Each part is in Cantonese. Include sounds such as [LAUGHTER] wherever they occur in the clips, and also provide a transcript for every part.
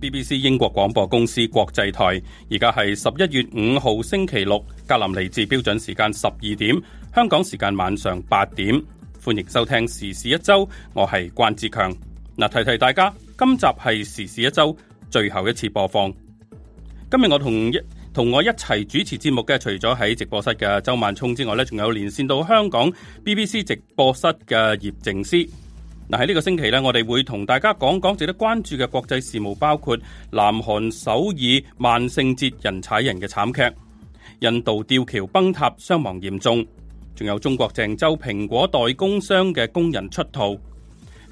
BBC 英國廣播公司國際台，而家係十一月五號星期六，格林尼治標準時間十二點，香港時間晚上八點，歡迎收聽時事一周，我係關志強。嗱，提提大家，今集係時事一周最後一次播放。今日我同一同我一齊主持節目嘅，除咗喺直播室嘅周萬聰之外咧，仲有連線到香港 BBC 直播室嘅葉靜思。喺呢個星期咧，我哋會同大家講講值得關注嘅國際事務，包括南韓首爾萬聖節人踩人嘅慘劇、印度吊橋崩塌傷亡嚴重，仲有中國鄭州蘋果代工商嘅工人出逃。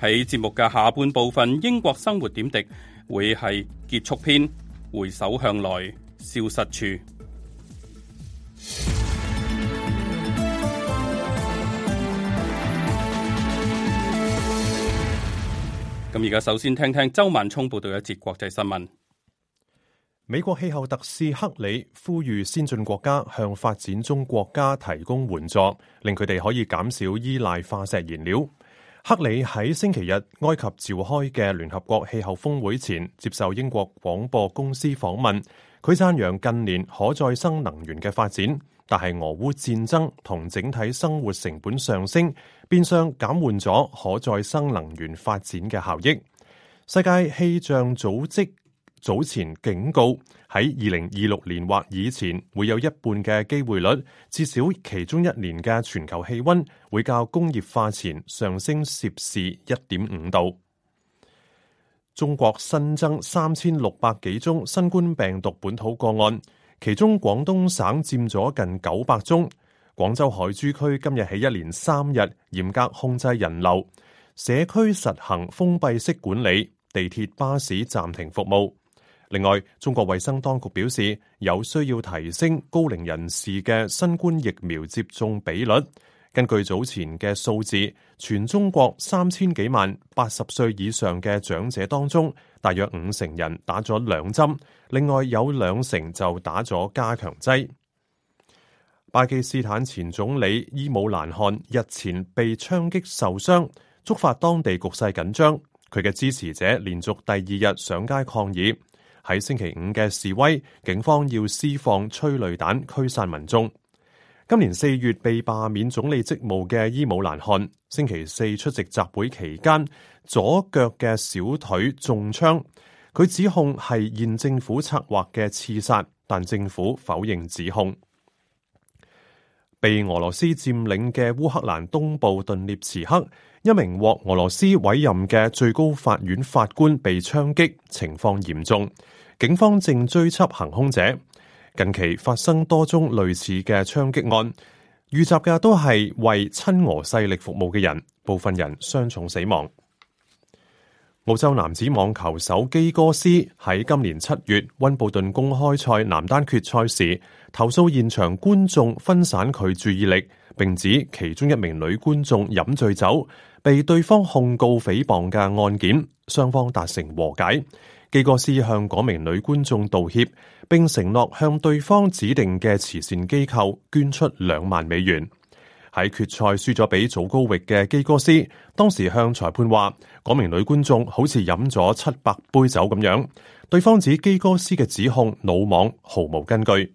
喺節目嘅下半部分，英國生活點滴會係結束篇，回首向來蕭瑟處。咁而家首先聽聽周萬聰報道一節國際新聞。美國氣候特使克里呼籲先進國家向發展中國家提供援助，令佢哋可以減少依賴化石燃料。克里喺星期日埃及召開嘅聯合國氣候峰會前接受英國廣播公司訪問。佢讚揚近年可再生能源嘅發展，但係俄烏戰爭同整體生活成本上升，變相減緩咗可再生能源發展嘅效益。世界氣象組織早前警告，喺二零二六年或以前，會有一半嘅機會率，至少其中一年嘅全球氣温會較工業化前上升攝氏一點五度。中國新增三千六百幾宗新冠病毒本土個案，其中廣東省占咗近九百宗。廣州海珠區今日起一連三日嚴格控制人流，社區實行封閉式管理，地鐵巴士暫停服務。另外，中國衛生當局表示，有需要提升高齡人士嘅新冠疫苗接種比率。根據早前嘅數字，全中國三千幾萬八十歲以上嘅長者當中，大約五成人打咗兩針，另外有兩成就打咗加強劑。巴基斯坦前總理伊姆蘭汗日前被槍擊受傷，觸發當地局勢緊張。佢嘅支持者連續第二日上街抗議。喺星期五嘅示威，警方要施放催淚彈驅散民眾。今年四月被罷免總理職務嘅伊姆蘭汗，星期四出席集會期間，左腳嘅小腿中槍。佢指控係現政府策劃嘅刺殺，但政府否認指控。被俄羅斯佔領嘅烏克蘭東部頓涅茨克，一名獲俄羅斯委任嘅最高法院法官被槍擊，情況嚴重，警方正追緝行凶者。近期發生多宗類似嘅槍擊案，遇襲嘅都係為親俄勢力服務嘅人，部分人傷重死亡。澳洲男子網球手基哥斯喺今年七月温布頓公開賽男單決賽時，投訴現場觀眾分散佢注意力，並指其中一名女觀眾飲醉酒，被對方控告誹謗嘅案件，雙方達成和解。基哥斯向嗰名女觀眾道歉，並承諾向對方指定嘅慈善機構捐出兩萬美元。喺決賽輸咗俾祖高域嘅基哥斯，當時向裁判話，嗰名女觀眾好似飲咗七百杯酒咁樣。對方指基哥斯嘅指控魯莽，毫無根據。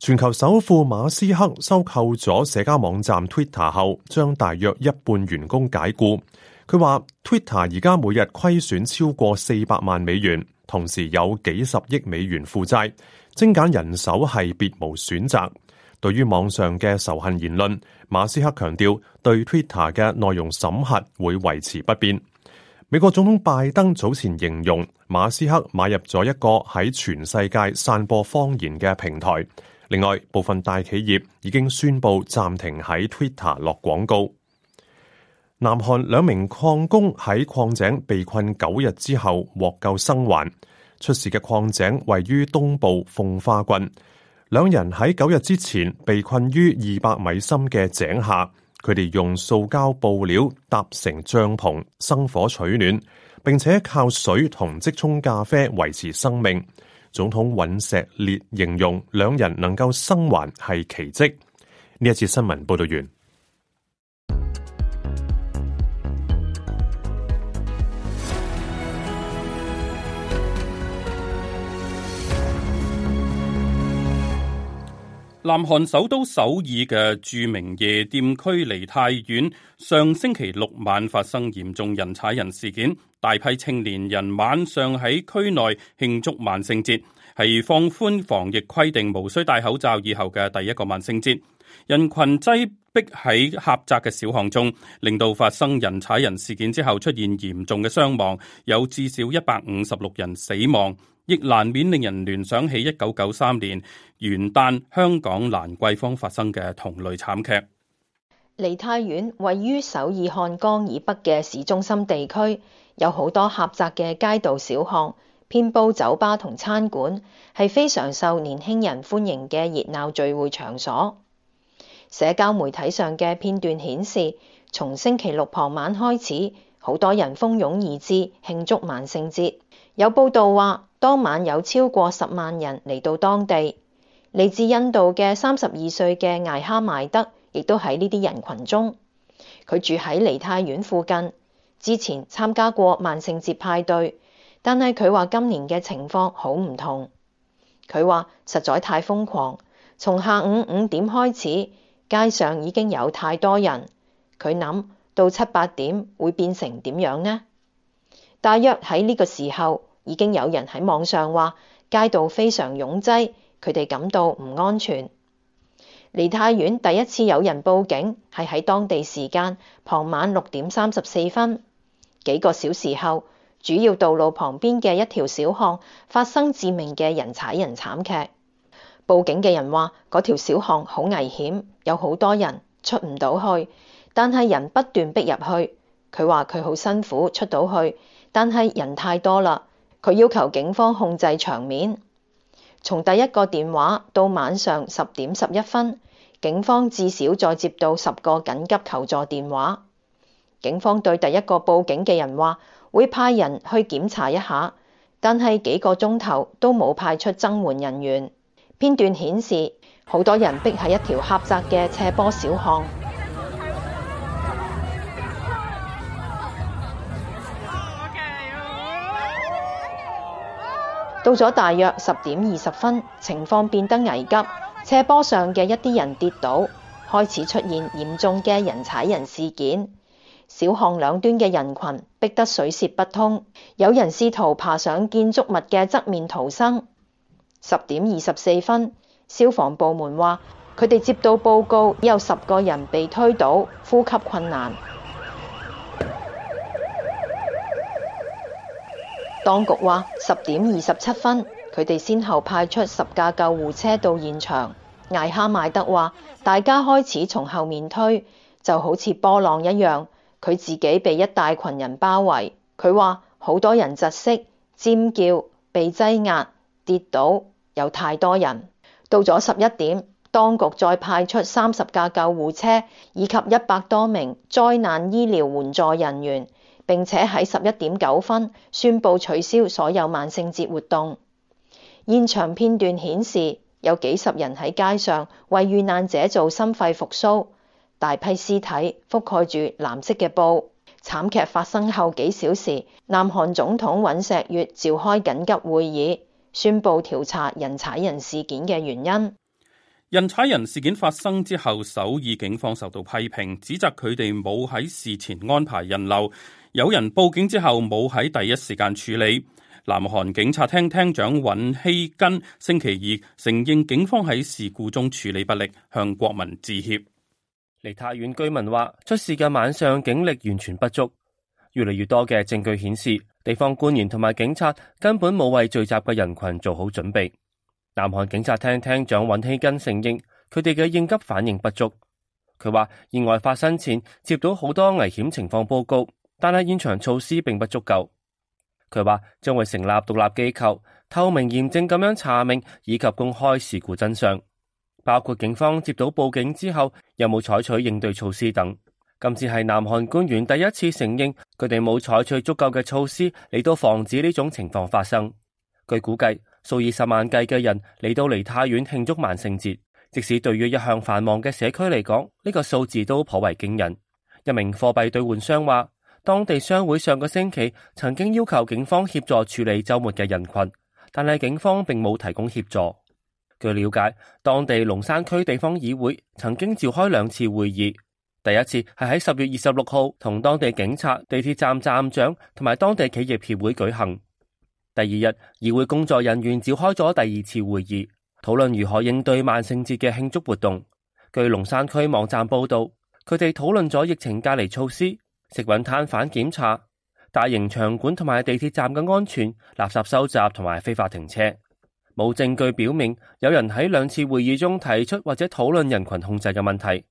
全球首富馬斯克收購咗社交網站 Twitter 後，將大約一半員工解僱。佢話 Twitter 而家每日虧損超過四百萬美元，同時有幾十億美元負債，精簡人手係別無選擇。對於網上嘅仇恨言論，馬斯克強調對 Twitter 嘅內容審核會維持不變。美國總統拜登早前形容馬斯克買入咗一個喺全世界散播謊言嘅平台。另外，部分大企業已經宣佈暫停喺 Twitter 落廣告。南韓兩名礦工喺礦井被困九日之後獲救生還。出事嘅礦井位於東部奉化郡。兩人喺九日之前被困於二百米深嘅井下，佢哋用塑膠布料搭成帳篷生火取暖，並且靠水同即沖咖啡維持生命。總統尹錫悅形容兩人能夠生還係奇蹟。呢一次新聞報道完。南韓首都首爾嘅著名夜店區梨泰院，上星期六晚發生嚴重人踩人事件，大批青年人晚上喺區內慶祝萬聖節，係放寬防疫規定無需戴口罩以後嘅第一個萬聖節，人群擠逼喺狹窄嘅小巷中，令到發生人踩人事件之後出現嚴重嘅傷亡，有至少一百五十六人死亡。亦難免令人聯想起一九九三年元旦香港蘭桂坊發生嘅同類慘劇。梨泰院位於首爾漢江以北嘅市中心地區，有好多狹窄嘅街道小巷，遍布酒吧同餐館，係非常受年輕人歡迎嘅熱鬧聚會場所。社交媒體上嘅片段顯示，從星期六傍晚開始，好多人蜂擁而至，慶祝萬聖節。有報道話，當晚有超過十萬人嚟到當地，嚟自印度嘅三十二歲嘅艾哈邁德亦都喺呢啲人群中。佢住喺梨泰院附近，之前參加過萬聖節派對，但係佢話今年嘅情況好唔同。佢話實在太瘋狂，從下午五點開始，街上已經有太多人。佢諗到七八點會變成點樣呢？大約喺呢個時候。已經有人喺網上話街道非常擁擠，佢哋感到唔安全。梨泰院，第一次有人報警係喺當地時間傍晚六點三十四分。幾個小時後，主要道路旁邊嘅一條小巷發生致命嘅人踩人慘劇。報警嘅人話：嗰條小巷好危險，有好多人出唔到去，但係人不斷逼入去。佢話佢好辛苦出到去，但係人太多啦。佢要求警方控制場面。從第一個電話到晚上十點十一分，警方至少再接到十個緊急求助電話。警方對第一個報警嘅人話會派人去檢查一下，但係幾個鐘頭都冇派出增援人員。片段顯示，好多人逼喺一條狹窄嘅斜坡小巷。到咗大約十點二十分，情況變得危急，斜坡上嘅一啲人跌倒，開始出現嚴重嘅人踩人事件。小巷兩端嘅人群逼得水泄不通，有人試圖爬上建築物嘅側面逃生。十點二十四分，消防部門話佢哋接到報告，有十個人被推倒，呼吸困難。當局話十點二十七分，佢哋先後派出十架救護車到現場。艾哈邁德話，大家開始從後面推，就好似波浪一樣。佢自己被一大群人包圍。佢話好多人窒息、尖叫、被擠壓、跌倒，有太多人。到咗十一點，當局再派出三十架救護車以及一百多名災難醫療援助人員。並且喺十一點九分宣布取消所有萬聖節活動。現場片段顯示，有幾十人喺街上為遇難者做心肺復蘇。大批屍體覆蓋住藍色嘅布。慘劇發生後幾小時，南韓總統尹錫悅召開緊急會議，宣布調查人踩人事件嘅原因。人踩人事件發生之後，首爾警方受到批評，指責佢哋冇喺事前安排人流；有人報警之後冇喺第一時間處理。南韓警察廳廳長尹希根星期二承認警方喺事故中處理不力，向國民致歉。梨泰院居民話，出事嘅晚上警力完全不足。越嚟越多嘅證據顯示，地方官員同埋警察根本冇為聚集嘅人群做好準備。南韓警察廳廳長尹希根承認，佢哋嘅應急反應不足。佢話意外發生前接到好多危險情況報告，但係現場措施並不足夠。佢話將會成立獨立機構，透明驗證咁樣查明以及公開事故真相，包括警方接到報警之後有冇採取應對措施等。今次係南韓官員第一次承認佢哋冇採取足夠嘅措施嚟到防止呢種情況發生。據估計，數以十萬計嘅人嚟到梨泰院慶祝萬聖節，即使對於一向繁忙嘅社區嚟講，呢個數字都頗為驚人。一名貨幣兌換商話，當地商會上個星期曾經要求警方協助處理周末嘅人群，但係警方並冇提供協助。據了解，當地龍山區地方議會曾經召開兩次會議，第一次係喺十月二十六號同當地警察、地鐵站站長同埋當地企業協會舉行。第二日，議會工作人員召開咗第二次會議，討論如何應對萬聖節嘅慶祝活動。據龍山區網站報道，佢哋討論咗疫情隔離措施、食品攤販檢查、大型場館同埋地鐵站嘅安全、垃圾收集同埋非法停車。冇證據表明有人喺兩次會議中提出或者討論人群控制嘅問題。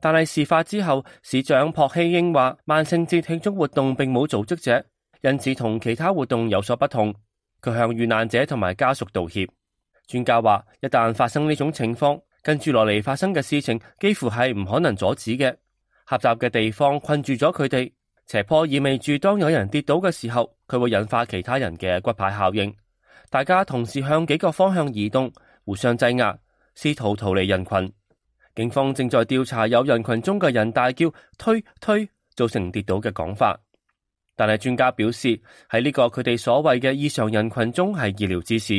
但係事發之後，市長朴希英話，萬聖節慶祝活動並冇組織者，因此同其他活動有所不同。佢向遇難者同埋家屬道歉。專家話：一旦發生呢種情況，跟住落嚟發生嘅事情幾乎係唔可能阻止嘅。狹窄嘅地方困住咗佢哋，斜坡意味住當有人跌倒嘅時候，佢會引發其他人嘅骨牌效應。大家同時向幾個方向移動，互相擠壓，試圖逃離人群。警方正在調查有人群中嘅人大叫“推推”，造成跌倒嘅講法。但係專家表示，喺呢個佢哋所謂嘅異常人群中係意料之事。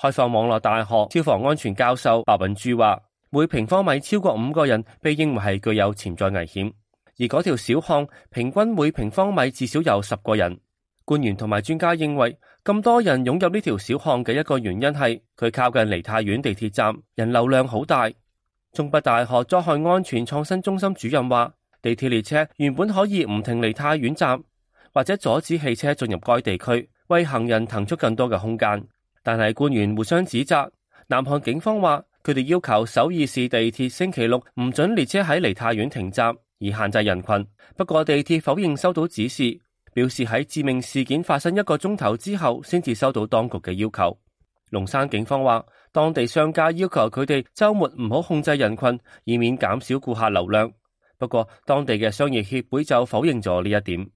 開放網絡大學消防安全教授白允珠話：每平方米超過五個人被認為係具有潛在危險。而嗰條小巷平均每平方米至少有十個人。官員同埋專家認為，咁多人湧入呢條小巷嘅一個原因係佢靠近梨泰院地鐵站，人流量好大。中北大學災害安全創新中心主任話：地鐵列車原本可以唔停梨泰院站。或者阻止汽車進入該地區，為行人騰出更多嘅空間。但係官員互相指責。南韓警方話佢哋要求首爾市地鐵星期六唔准列車喺梨泰院停站而限制人群。不過地鐵否認收到指示，表示喺致命事件發生一個鐘頭之後先至收到當局嘅要求。龍山警方話當地商家要求佢哋周末唔好控制人群，以免減少顧客流量。不過當地嘅商業協會就否認咗呢一點。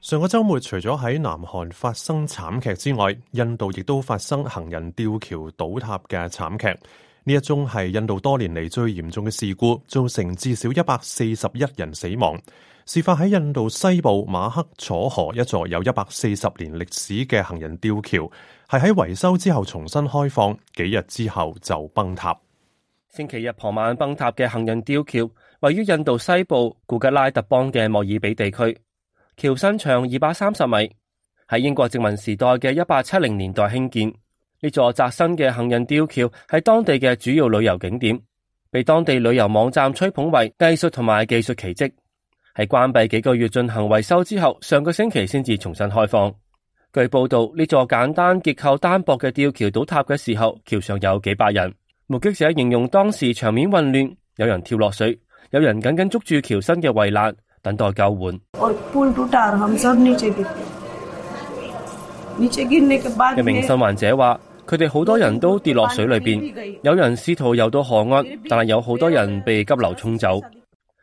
上個周末，除咗喺南韓發生慘劇之外，印度亦都發生行人吊橋倒塌嘅慘劇。呢一宗係印度多年嚟最嚴重嘅事故，造成至少一百四十一人死亡。事發喺印度西部馬克楚河一座有一百四十年歷史嘅行人吊橋，係喺維修之後重新開放，幾日之後就崩塌。星期日傍晚崩塌嘅行人吊橋，位於印度西部古吉拉特邦嘅莫爾比地區。橋身長二百三十米，喺英國殖民時代嘅一八七零年代興建。呢座嶄新嘅行人吊橋係當地嘅主要旅遊景點，被當地旅遊網站吹捧為藝術同埋技術奇跡。係關閉幾個月進行維修之後，上個星期先至重新開放。據報道，呢座簡單結構單薄嘅吊橋倒塌嘅時候，橋上有幾百人。目擊者形容當時場面混亂，有人跳落水，有人緊緊捉住橋身嘅圍欄等待救援。 [NOISE] 一名新患者話。佢哋好多人都跌落水裏邊，有人試圖游到河岸，但係有好多人被急流沖走。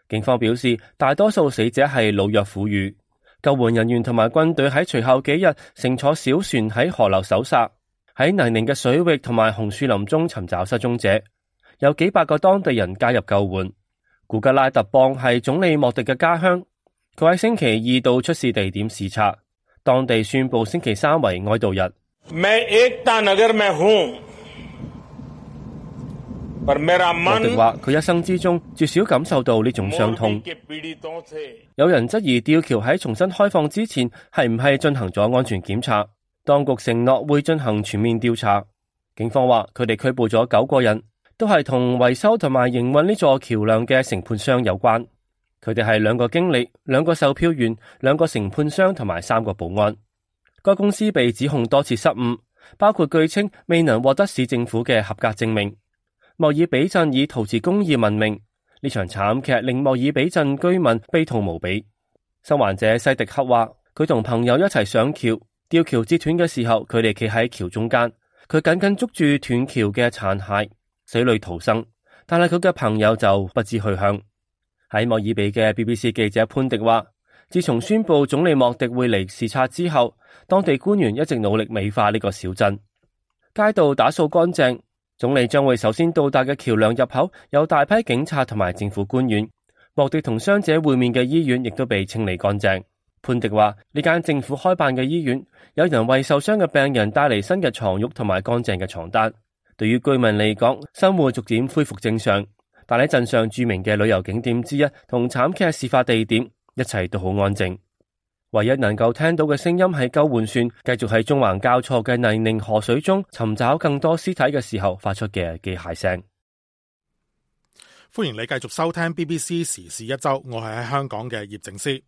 警方表示，大多數死者係老弱婦孺。救援人員同埋軍隊喺隨後幾日乘坐小船喺河流搜索，喺泥濘嘅水域同埋紅樹林中尋找失蹤者。有幾百個當地人加入救援。古吉拉特邦係總理莫迪嘅家鄉，佢喺星期二到出事地點視察，當地宣布星期三為哀悼日。莫迪話佢一生之中絕少感受到呢種傷痛。有人質疑吊橋喺重新開放之前係唔係進行咗安全檢查？當局承諾會進行全面調查。警方話佢哋拘捕咗九個人，都係同維修同埋營運呢座橋樑嘅承判商有關。佢哋係兩個經理、兩個售票員、兩個承判商同埋三個保安。該公司被指控多次失誤，包括據稱未能獲得市政府嘅合格證明。莫爾比鎮以陶瓷工業聞名，呢場慘劇令莫爾比鎮居民悲痛無比。生還者西迪克話：，佢同朋友一齊上橋，吊橋折斷嘅時候，佢哋企喺橋中間，佢緊緊捉住斷橋嘅殘骸，死裏逃生。但係佢嘅朋友就不知去向。喺莫爾比嘅 BBC 記者潘迪話：，自從宣布總理莫迪會嚟視察之後，當地官員一直努力美化呢個小鎮，街道打掃乾淨。總理將會首先到達嘅橋樑入口有大批警察同埋政府官員，莫迪同傷者會面嘅醫院亦都被清理乾淨。潘迪話：呢間政府開辦嘅醫院，有人為受傷嘅病人帶嚟新嘅床褥同埋乾淨嘅床單。對於居民嚟講，生活逐漸恢復正常。但喺鎮上著名嘅旅遊景點之一同慘劇事發地點，一切都好安靜。唯一能夠聽到嘅聲音係交換算，繼續喺中環交錯嘅泥濘河水中尋找更多屍體嘅時候發出嘅機械聲。歡迎你繼續收聽 BBC 時事一周，我係喺香港嘅葉靜思。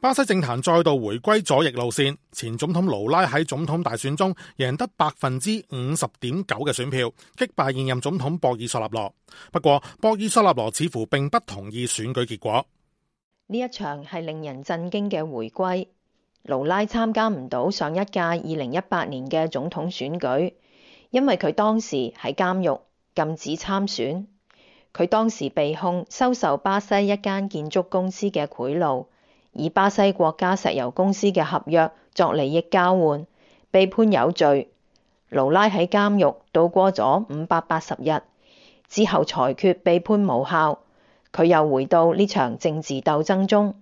巴西政壇再度回歸左翼路線，前總統盧拉喺總統大選中贏得百分之五十點九嘅選票，擊敗現任總統博爾索納羅。不過，博爾索納羅似乎並不同意選舉結果。呢一場係令人震驚嘅回歸。盧拉參加唔到上一屆二零一八年嘅總統選舉，因為佢當時喺監獄，禁止參選。佢當時被控收受巴西一間建築公司嘅賄賂，以巴西國家石油公司嘅合約作利益交換，被判有罪。盧拉喺監獄度過咗五百八十日，之後裁決被判無效。佢又回到呢場政治鬥爭中。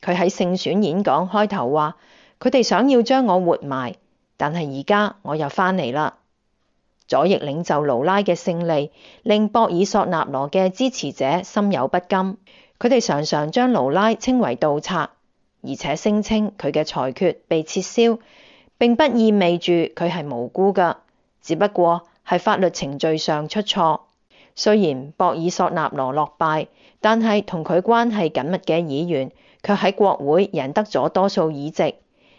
佢喺勝選演講開頭話，佢哋想要將我活埋，但係而家我又翻嚟啦。左翼領袖盧拉嘅勝利令博爾索納羅嘅支持者心有不甘，佢哋常常將盧拉稱為盜賊，而且聲稱佢嘅裁決被撤銷，並不意味住佢係無辜㗎，只不過係法律程序上出錯。雖然博爾索納羅落敗，但係同佢關係緊密嘅議員卻喺國會贏得咗多數議席，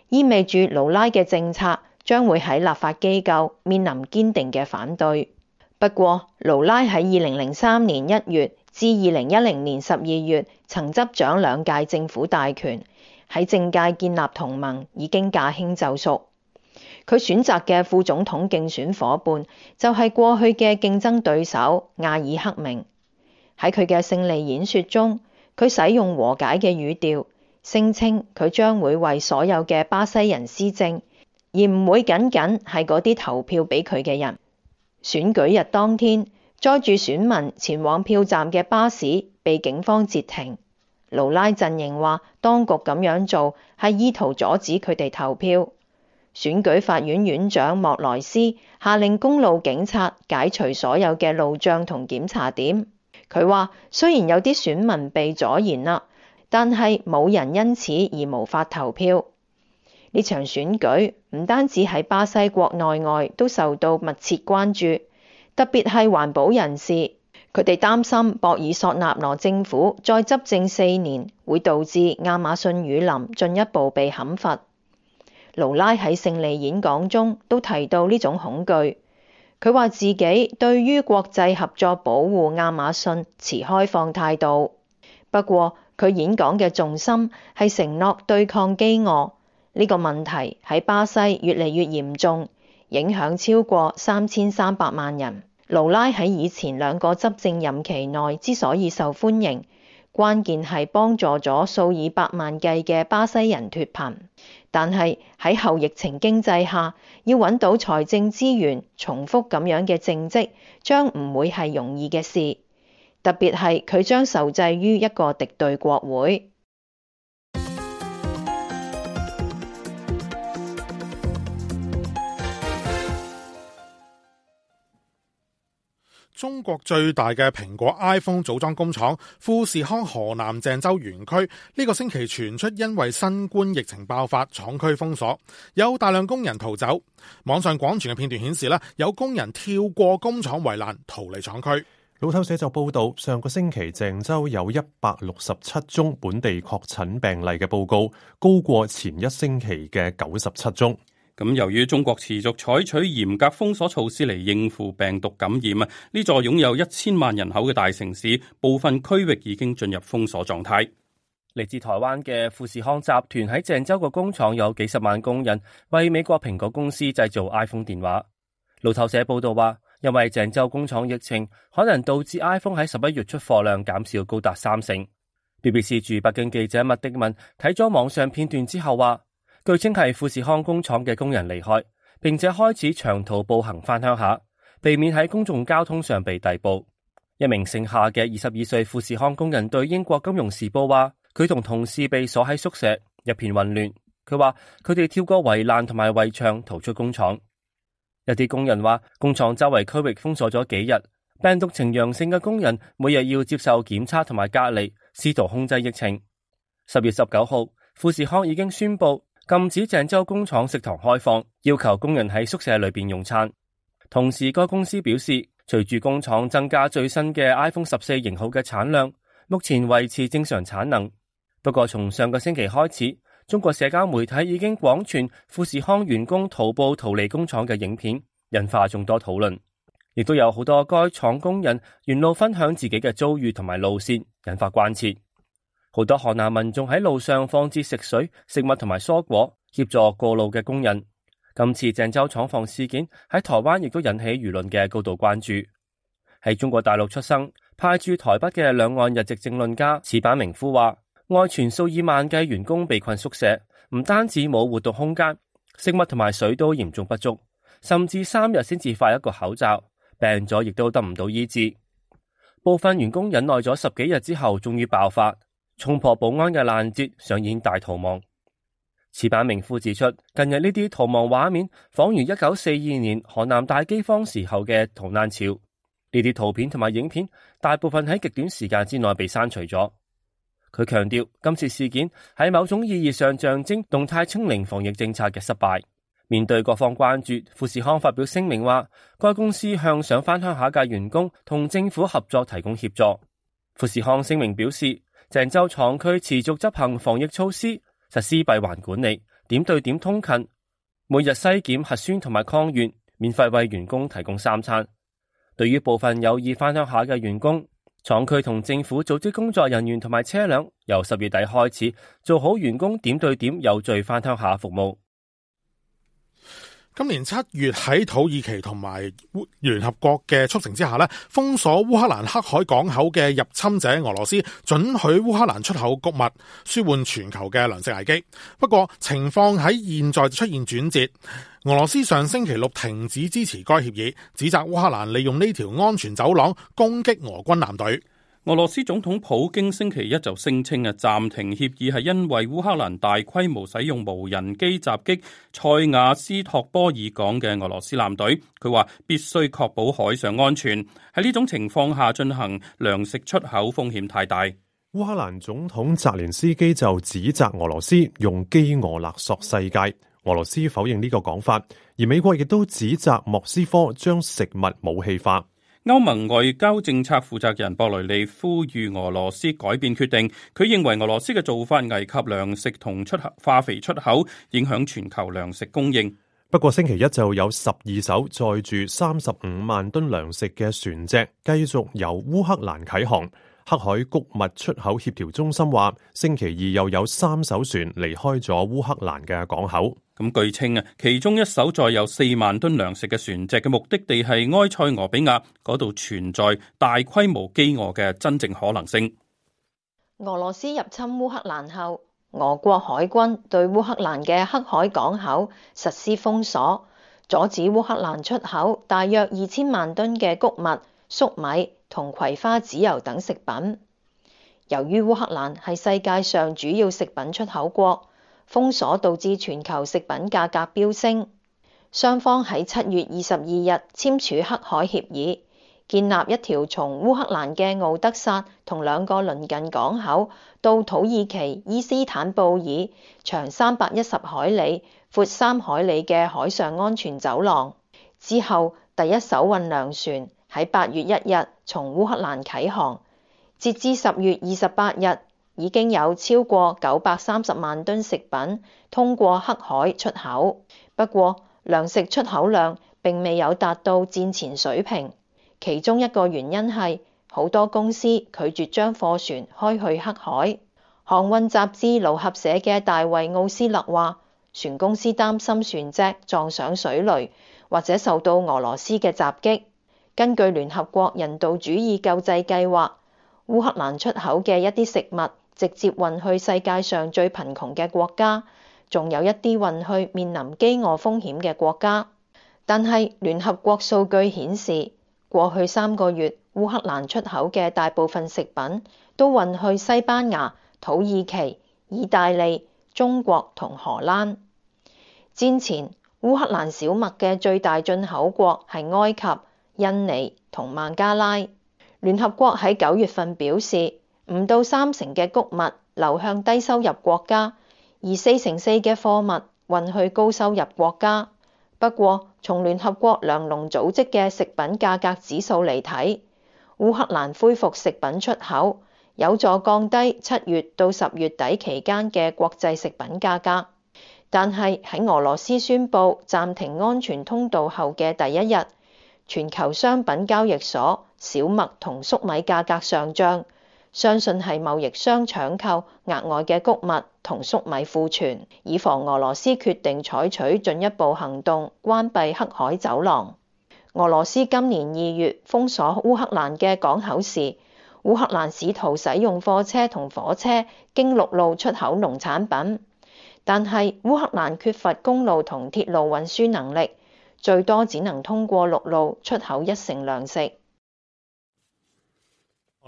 意味住盧拉嘅政策將會喺立法機構面臨堅定嘅反對。不過，盧拉喺二零零三年一月至二零一零年十二月曾執掌兩屆政府大權，喺政界建立同盟已經駕輕就熟。佢選擇嘅副總統競選夥伴就係過去嘅競爭對手阿爾克明。喺佢嘅勝利演說中，佢使用和解嘅語調，聲稱佢將會為所有嘅巴西人施政，而唔會僅僅係嗰啲投票俾佢嘅人。選舉日當天，載住選民前往票站嘅巴士被警方截停。盧拉陣營話，當局咁樣做係意圖阻止佢哋投票。選舉法院院長莫萊斯下令公路警察解除所有嘅路障同檢查點。佢話雖然有啲選民被阻延啦，但係冇人因此而無法投票。呢場選舉唔單止喺巴西國內外都受到密切關注，特別係環保人士，佢哋擔心博爾索納羅政府再執政四年會導致亞馬遜雨林進一步被砍伐。盧拉喺勝利演講中都提到呢種恐懼，佢話自己對於國際合作保護亞馬遜持開放態度。不過佢演講嘅重心係承諾對抗饑餓。呢個問題喺巴西越嚟越嚴重，影響超過三千三百萬人。盧拉喺以前兩個執政任期內之所以受歡迎。關鍵係幫助咗數以百萬計嘅巴西人脫貧，但係喺後疫情經濟下，要揾到財政資源重複咁樣嘅政績，將唔會係容易嘅事，特別係佢將受制於一個敵對國會。中國最大嘅蘋果 iPhone 組裝工廠富士康河南鄭州園區呢個星期傳出因為新冠疫情爆發，廠區封鎖，有大量工人逃走。網上廣傳嘅片段顯示呢，有工人跳過工廠圍欄逃離廠區。路透社就報道，上個星期鄭州有一百六十七宗本地確診病例嘅報告，高過前一星期嘅九十七宗。咁由於中國持續採取嚴格封鎖措施嚟應付病毒感染啊，呢座擁有一千萬人口嘅大城市，部分區域已經進入封鎖狀態。嚟自台灣嘅富士康集團喺鄭州個工廠有幾十萬工人，為美國蘋果公司製造 iPhone 電話。路透社報道話，因為鄭州工廠疫情，可能導致 iPhone 喺十一月出貨量減少高達三成。BBC 駐北京記者麥迪文睇咗網上片段之後話。據稱係富士康工廠嘅工人離開，並且開始長途步行翻鄉下，避免喺公眾交通上被逮捕。一名剩下嘅二十二歲富士康工人對英國金融時報話，佢同同事被鎖喺宿舍，一片混亂。佢話佢哋跳過圍欄同埋圍牆逃出工廠。有啲工人話，工廠周圍區域封鎖咗幾日，病毒呈陽性嘅工人每日要接受檢測同埋隔離，試圖控制疫情。十月十九號，富士康已經宣布。禁止鄭州工廠食堂開放，要求工人喺宿舍裏邊用餐。同時，該公司表示，隨住工廠增加最新嘅 iPhone 十四型號嘅產量，目前維持正常產能。不過，從上個星期開始，中國社交媒體已經廣傳富士康員工徒步逃離工廠嘅影片，引發眾多討論。亦都有好多該廠工人沿路分享自己嘅遭遇同埋路線，引發關切。好多河南民眾喺路上放置食水、食物同埋蔬果，協助過路嘅工人。今次鄭州廠房事件喺台灣亦都引起輿論嘅高度關注。喺中國大陸出生、派駐台北嘅兩岸日籍政論家矢板明夫話，外傳數以萬計員工被困宿舍，唔單止冇活動空間，食物同埋水都嚴重不足，甚至三日先至發一個口罩，病咗亦都得唔到醫治。部分員工忍耐咗十幾日之後，終於爆發。沖破保安嘅攔截，上演大逃亡。此版名夫指出，近日呢啲逃亡畫面仿如一九四二年河南大饑荒時候嘅逃難潮。呢啲圖片同埋影片大部分喺極短時間之內被刪除咗。佢強調，今次事件喺某種意義上象徵動態清零防疫政策嘅失敗。面對各方關注，富士康發表聲明話，該公司向上返鄉下嘅員工同政府合作提供協助。富士康聲明表示，鄭州廠區持續執行防疫措施，實施閉環管理、點對點通勤，每日篩檢核酸同埋抗原，免費為員工提供三餐。對於部分有意翻鄉下嘅員工，廠區同政府組織工作人員同埋車輛，由十月底開始做好員工點對點有序翻鄉下服務。今年七月喺土耳其同埋聯合國嘅促成之下呢，封鎖烏克蘭黑海港口嘅入侵者俄羅斯，准許烏克蘭出口谷物，舒緩全球嘅糧食危機。不過情況喺現在出現轉折，俄羅斯上星期六停止支持該協議，指責烏克蘭利用呢條安全走廊攻擊俄軍艦隊。俄羅斯總統普京星期一就聲稱啊，暫停協議係因為烏克蘭大規模使用無人機襲擊塞瓦斯托波爾港嘅俄羅斯艦隊。佢話必須確保海上安全。喺呢種情況下進行糧食出口風險太大。烏克蘭總統澤連斯基就指責俄羅斯用飢餓勒索世界。俄羅斯否認呢個講法，而美國亦都指責莫斯科將食物武器化。歐盟外交政策負責人博雷利呼籲俄羅斯改變決定，佢認為俄羅斯嘅做法危及糧食同出口化肥出口，影響全球糧食供應。不過星期一就有十二艘載住三十五萬噸糧食嘅船隻繼續由烏克蘭啟航。黑海谷物出口協調中心話，星期二又有三艘船離開咗烏克蘭嘅港口。咁據稱啊，其中一艘載有四萬噸糧食嘅船隻嘅目的地係埃塞俄比亞，嗰度存在大規模飢餓嘅真正可能性。俄羅斯入侵烏克蘭後，俄國海軍對烏克蘭嘅黑海港口實施封鎖，阻止烏克蘭出口大約二千萬噸嘅谷物、粟米同葵花籽油等食品。由於烏克蘭係世界上主要食品出口國。封鎖導致全球食品價格飆升。雙方喺七月二十二日簽署黑海協議，建立一條從烏克蘭嘅敖德薩同兩個鄰近港口到土耳其伊斯坦布爾，長三百一十海里、闊三海里嘅海上安全走廊。之後，第一艘運糧船喺八月一日從烏克蘭啟航，截至十月二十八日。已經有超過九百三十萬噸食品通過黑海出口，不過糧食出口量並未有達到戰前水平。其中一個原因係好多公司拒絕將貨船開去黑海。航運雜誌勞合社嘅大衛奧斯勒話，船公司擔心船隻撞上水雷或者受到俄羅斯嘅襲擊。根據聯合國人道主義救濟計劃，烏克蘭出口嘅一啲食物。直接運去世界上最貧窮嘅國家，仲有一啲運去面臨饑餓風險嘅國家。但係聯合國數據顯示，過去三個月，烏克蘭出口嘅大部分食品都運去西班牙、土耳其、意大利、中國同荷蘭。戰前，烏克蘭小麥嘅最大進口國係埃及、印尼同孟加拉。聯合國喺九月份表示。唔到三成嘅穀物流向低收入國家，而四成四嘅貨物運去高收入國家。不過，從聯合國糧農組織嘅食品價格指數嚟睇，烏克蘭恢復食品出口有助降低七月到十月底期間嘅國際食品價格。但係喺俄羅斯宣布暫停安全通道後嘅第一日，全球商品交易所，小麥同粟米價格上漲。相信係貿易商搶購額外嘅谷物同粟米庫存，以防俄羅斯決定採取進一步行動關閉黑海走廊。俄羅斯今年二月封鎖烏克蘭嘅港口時，烏克蘭試圖使用貨車同火車經陸路出口農產品，但係烏克蘭缺乏公路同鐵路運輸能力，最多只能通過陸路出口一成糧食。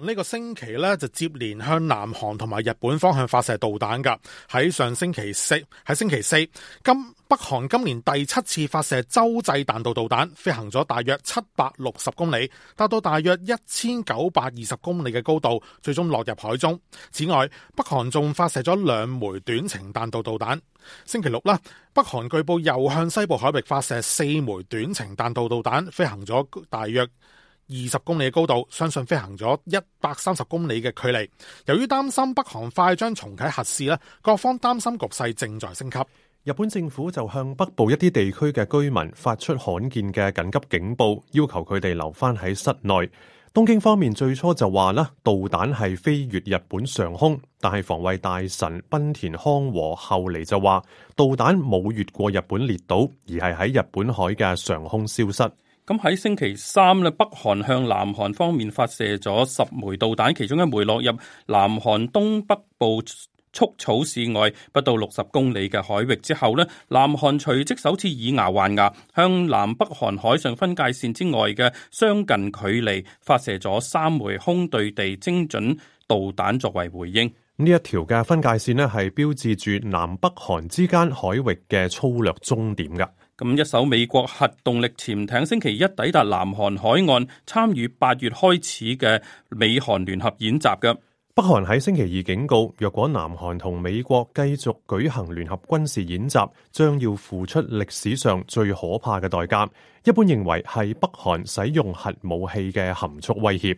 呢個星期咧，就接連向南韓同埋日本方向發射導彈噶，喺上星期四，喺星期四，今北韓今年第七次發射洲際彈道導彈，飛行咗大約七百六十公里，達到大約一千九百二十公里嘅高度，最終落入海中。此外，北韓仲發射咗兩枚短程彈道導彈。星期六啦，北韓據報又向西部海域發射四枚短程彈道導彈，飛行咗大約。二十公里嘅高度，相信飛行咗一百三十公里嘅距離。由於擔心北韓快將重啟核試咧，各方擔心局勢正在升級。日本政府就向北部一啲地區嘅居民發出罕見嘅緊急警報，要求佢哋留翻喺室內。東京方面最初就話啦，導彈係飛越日本上空，但係防衛大臣濱田康和後嚟就話，導彈冇越過日本列島，而係喺日本海嘅上空消失。咁喺星期三咧，北韓向南韓方面發射咗十枚導彈，其中一枚落入南韓東北部速草市外不到六十公里嘅海域之後呢，南韓隨即首次以牙還牙，向南北韓海上分界線之外嘅相近距離發射咗三枚空對地精準導彈作為回應，呢一條嘅分界線呢，係標誌住南北韓之間海域嘅粗略終點噶。咁一艘美國核動力潛艇星期一抵達南韓海岸，參與八月開始嘅美韓聯合演習嘅。北韓喺星期二警告，若果南韓同美國繼續舉行聯合軍事演習，將要付出歷史上最可怕嘅代價。一般認為係北韓使用核武器嘅含蓄威脅。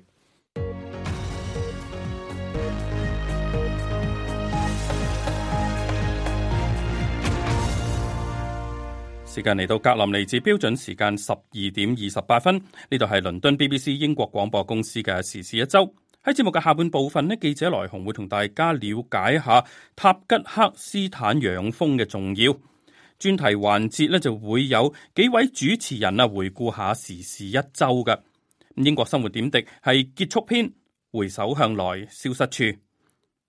時間嚟到格林尼治標準時間十二點二十八分，呢度係倫敦 BBC 英國廣播公司嘅時事一周。喺節目嘅下半部分呢，記者來鴻會同大家了解下塔吉克斯坦養蜂嘅重要。專題環節呢，就會有幾位主持人啊回顧下時事一周，嘅英國生活點滴係結束篇，回首向來蕭瑟處。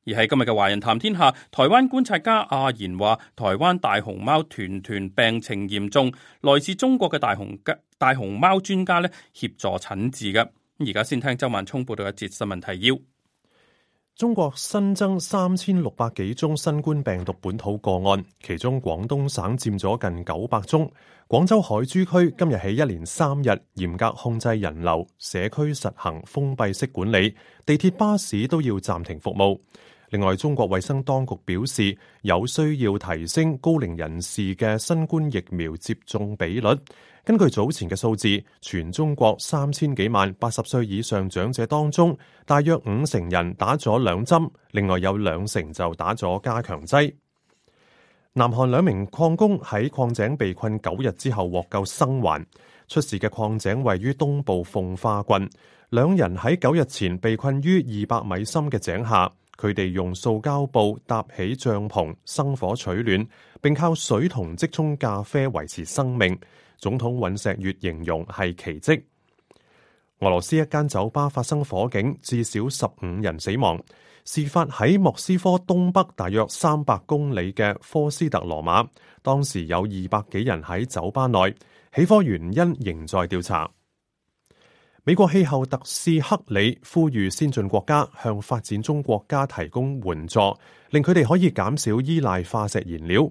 而喺今日嘅《華人談天下》，台灣觀察家阿言話，台灣大熊貓團團病情嚴重，來自中國嘅大熊大熊貓專家咧協助診治嘅。而家先聽周萬聰報道一節新聞提要：中國新增三千六百幾宗新冠病毒本土個案，其中廣東省佔咗近九百宗。廣州海珠區今日起一連三日嚴格控制人流，社區實行封閉式管理，地鐵、巴士都要暫停服務。另外，中國衛生當局表示，有需要提升高齡人士嘅新冠疫苗接種比率。根據早前嘅數字，全中國三千幾萬八十歲以上長者當中，大約五成人打咗兩針，另外有兩成就打咗加強劑。南韓兩名礦工喺礦井被困九日之後獲救生還。出事嘅礦井位於東部奉化郡，兩人喺九日前被困於二百米深嘅井下。佢哋用塑膠布搭起帳篷生火取暖，並靠水同即沖咖啡維持生命。總統尹錫悅形容係奇蹟。俄羅斯一間酒吧發生火警，至少十五人死亡。事發喺莫斯科東北大約三百公里嘅科斯特羅馬，當時有二百幾人喺酒吧內。起火原因仍在調查。美國氣候特使克里呼籲先進國家向發展中國家提供援助，令佢哋可以減少依賴化石燃料。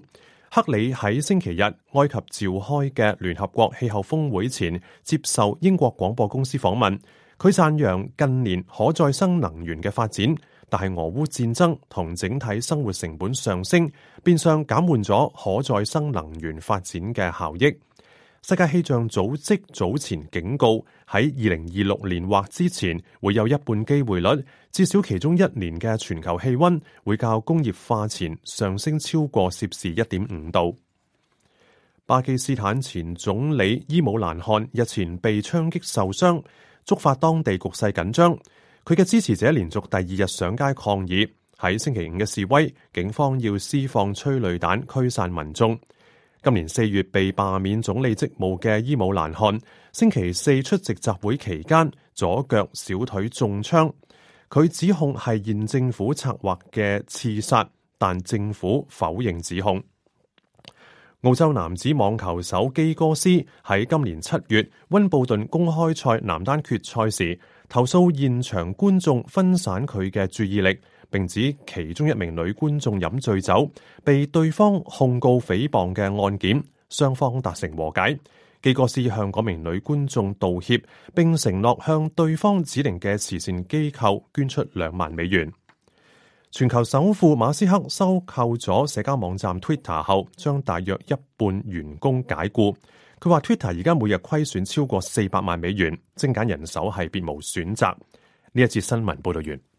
克里喺星期日埃及召開嘅聯合國氣候峰會前接受英國廣播公司訪問，佢讚揚近年可再生能源嘅發展，但係俄烏戰爭同整體生活成本上升，變相減緩咗可再生能源發展嘅效益。世界氣象組織早前警告，喺二零二六年或之前，會有一半機會率，至少其中一年嘅全球氣溫會較工業化前上升超過攝氏一點五度。巴基斯坦前總理伊姆蘭汗日前被槍擊受傷，觸發當地局勢緊張。佢嘅支持者連續第二日上街抗議。喺星期五嘅示威，警方要施放催淚彈驅散民眾。今年四月被罷免總理職務嘅伊姆蘭汗，星期四出席集會期間左腳小腿中槍，佢指控係現政府策劃嘅刺殺，但政府否認指控。澳洲男子網球手基哥斯喺今年七月溫布頓公開賽男單決賽時，投訴現場觀眾分散佢嘅注意力。並指其中一名女觀眾飲醉酒，被對方控告誹謗嘅案件，雙方達成和解。基哥斯向嗰名女觀眾道歉，並承諾向對方指定嘅慈善機構捐出兩萬美元。全球首富馬斯克收購咗社交網站 Twitter 後，將大約一半員工解雇。佢話 Twitter 而家每日虧損超過四百萬美元，精簡人手係別無選擇。呢一次新聞報道完。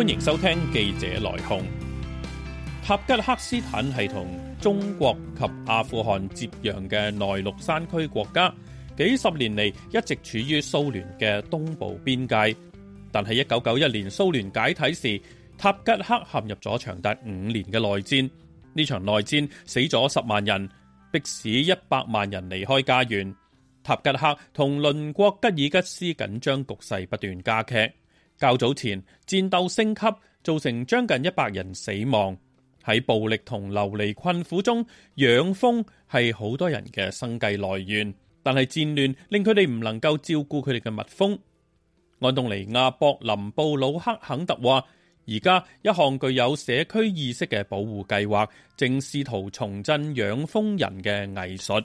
歡迎收聽記者來鴻。塔吉克斯坦係同中國及阿富汗接壤嘅內陸山區國家，幾十年嚟一直處於蘇聯嘅東部邊界。但係一九九一年蘇聯解體時，塔吉克陷入咗長達五年嘅內戰，呢場內戰死咗十萬人，迫使一百萬人離開家園。塔吉克同鄰國吉爾吉斯緊張局勢不斷加劇。較早前戰鬥升級，造成將近一百人死亡。喺暴力同流離困苦中，養蜂係好多人嘅生計來源。但係戰亂令佢哋唔能夠照顧佢哋嘅蜜蜂。安東尼亞博林布魯克肯特話，而家一項具有社區意識嘅保護計劃正試圖重振養蜂人嘅藝術。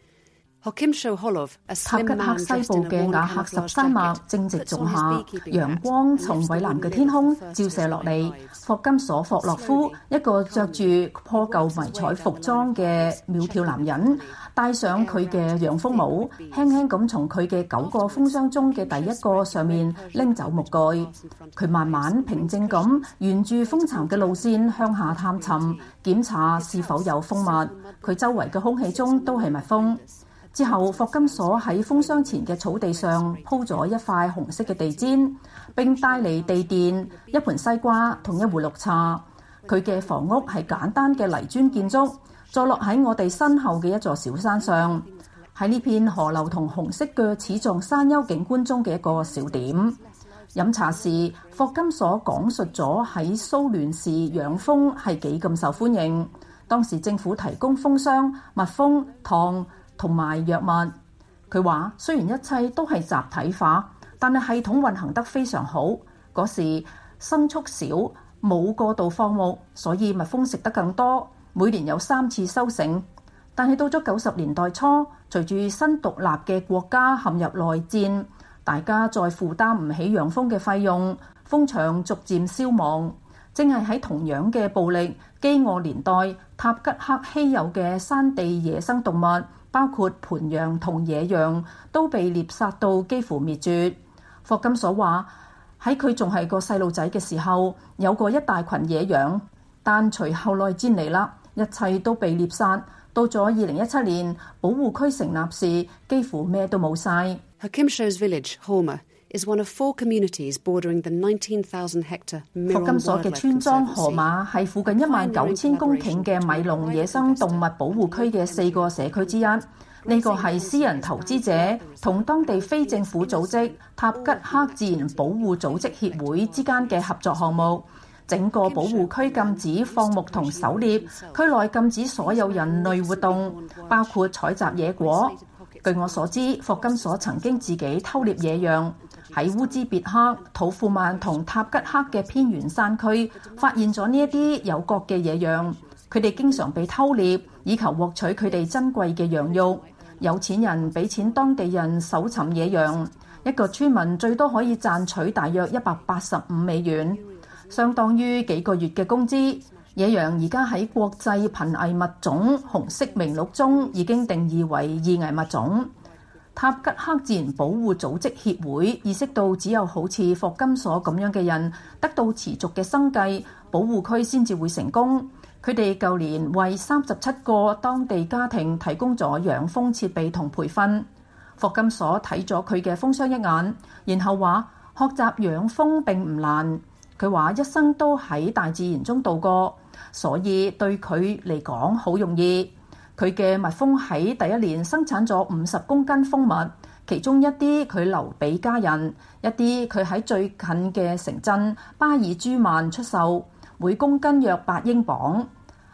塔吉克西部嘅雅克十三脈瓦克什山脈正值仲夏，陽光從蔚藍嘅天空照射落嚟。霍金索霍洛夫一個著住破舊迷彩服裝嘅苗條男人，戴上佢嘅養蜂帽，輕輕咁從佢嘅九個蜂箱中嘅第一個上面拎走木蓋。佢慢慢平靜咁沿住蜂巢嘅路線向下探尋，檢查是否有蜂蜜。佢周圍嘅空氣中都係蜜蜂。之後，霍金所喺蜂箱前嘅草地上鋪咗一塊紅色嘅地氈，並帶嚟地墊、一盆西瓜同一壺綠茶。佢嘅房屋係簡單嘅泥磚建築，坐落喺我哋身後嘅一座小山上，喺呢片河流同紅色腳齒狀山丘景觀中嘅一個小點。飲茶時，霍金所講述咗喺蘇聯時養蜂係幾咁受歡迎。當時政府提供蜂箱、蜜蜂、糖。同埋藥物，佢話：雖然一切都係集體化，但係系統運行得非常好。嗰時牲畜少，冇過度放牧，所以蜜蜂食得更多。每年有三次收成，但係到咗九十年代初，隨住新獨立嘅國家陷入內戰，大家再負擔唔起養蜂嘅費用，蜂場逐漸消亡。正係喺同樣嘅暴力、饑餓年代，塔吉克稀有嘅山地野生動物。包括盤羊同野羊都被獵殺到幾乎滅絕。霍金所話喺佢仲係個細路仔嘅時候，有過一大群野羊，但隨後內戰嚟啦，一切都被獵殺。到咗二零一七年保護區成立時，幾乎咩都冇晒。is one of four communities bordering the 19,000 hectare，霍金所嘅村莊河馬係附近一萬九千公頃嘅米龍野生動物保護區嘅四個社區之一。呢個係私人投資者同當地非政府組織塔吉克自然保護組織協會之間嘅合作項目。整個保護區禁止放牧同狩獵，區內禁止所有人類活動，包括採集野果。據我所知，霍金所曾經自己偷獵野羊。喺烏茲別克、土庫曼同塔吉克嘅偏遠山區，發現咗呢一啲有角嘅野羊。佢哋經常被偷獵，以求獲取佢哋珍貴嘅羊肉。有錢人俾錢當地人搜尋野羊，一個村民最多可以賺取大約一百八十五美元，相當於幾個月嘅工資。野羊而家喺國際瀕危物種紅色名錄中已經定義為易危物種。塔吉克自然保護組織協會意識到，只有好似霍金所咁樣嘅人得到持續嘅生計，保護區先至會成功。佢哋舊年為三十七個當地家庭提供咗養蜂設備同培訓。霍金所睇咗佢嘅蜂箱一眼，然後話：學習養蜂並唔難。佢話：一生都喺大自然中度過，所以對佢嚟講好容易。佢嘅蜜蜂喺第一年生產咗五十公斤蜂蜜，其中一啲佢留俾家人，一啲佢喺最近嘅城鎮巴爾朱曼出售，每公斤約八英鎊。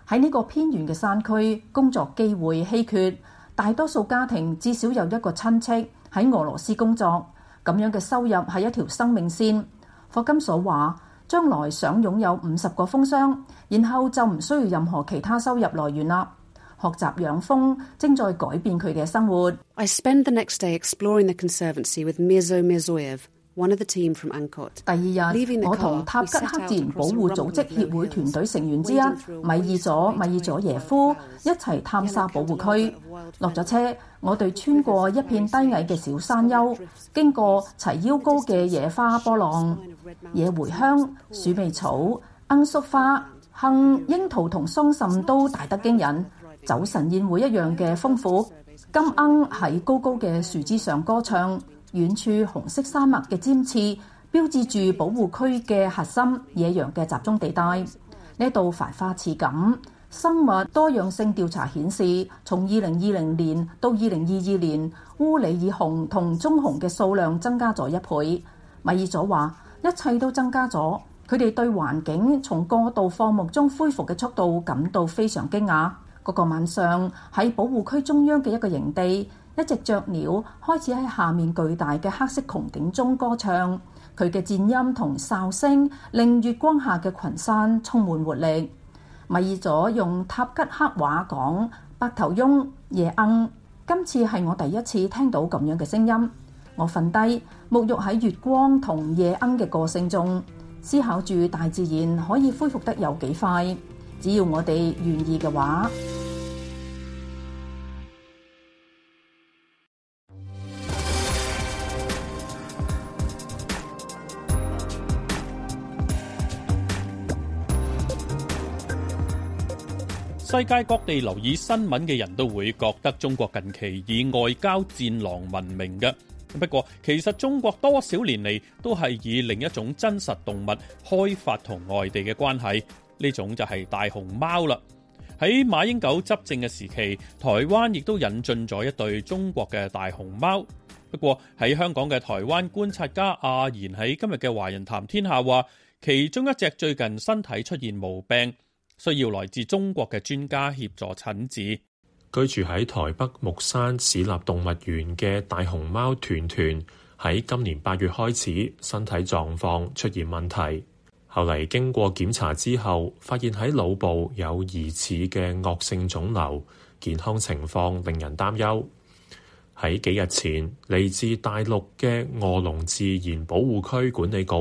喺呢個偏遠嘅山區，工作機會稀缺，大多數家庭至少有一個親戚喺俄羅斯工作，咁樣嘅收入係一條生命線。霍金所話，將來想擁有五十個蜂箱，然後就唔需要任何其他收入來源啦。學習養蜂正在改變佢嘅生活。第二日，我同塔吉克自然保護組織協會團隊成員之一米爾佐米爾佐耶夫一齊探索保護區。落咗車，我哋穿過一片低矮嘅小山丘，經過齊腰高嘅野花波浪、野茴香、鼠尾草、罌粟花、杏、櫻桃同桑葚，都大得驚人。酒神宴會一樣嘅豐富，金鶯喺高高嘅樹枝上歌唱。遠處紅色山脈嘅尖刺標誌住保護區嘅核心，野羊嘅集中地帶。呢度繁花似錦。生物多樣性調查顯示，從二零二零年到二零二二年，烏里爾熊同棕熊嘅數量增加咗一倍。米爾佐話，一切都增加咗，佢哋對環境從過度放牧中恢復嘅速度感到非常驚訝。嗰個晚上喺保護區中央嘅一個營地，一隻雀鳥開始喺下面巨大嘅黑色穹頂中歌唱，佢嘅顫音同哨聲令月光下嘅群山充滿活力。米爾佐用塔吉克話講：白頭翁夜鶯，今次係我第一次聽到咁樣嘅聲音。我瞓低，沐浴喺月光同夜鶯嘅歌聲中，思考住大自然可以恢復得有幾快。只要我哋願意嘅話，世界各地留意新聞嘅人都會覺得中國近期以外交戰狼聞名嘅。不過，其實中國多少年嚟都係以另一種真實動物開發同外地嘅關係。呢種就係大熊貓啦。喺馬英九執政嘅時期，台灣亦都引進咗一對中國嘅大熊貓。不過喺香港嘅台灣觀察家阿賢喺今日嘅《華人談天下》話，其中一隻最近身體出現毛病，需要來自中國嘅專家協助診治。居住喺台北木山市立動物園嘅大熊貓團團喺今年八月開始身體狀況出現問題。後來經過檢查之後，發現喺腦部有疑似嘅惡性腫瘤，健康情況令人擔憂。喺幾日前，嚟自大陸嘅卧龍自然保護區管理局、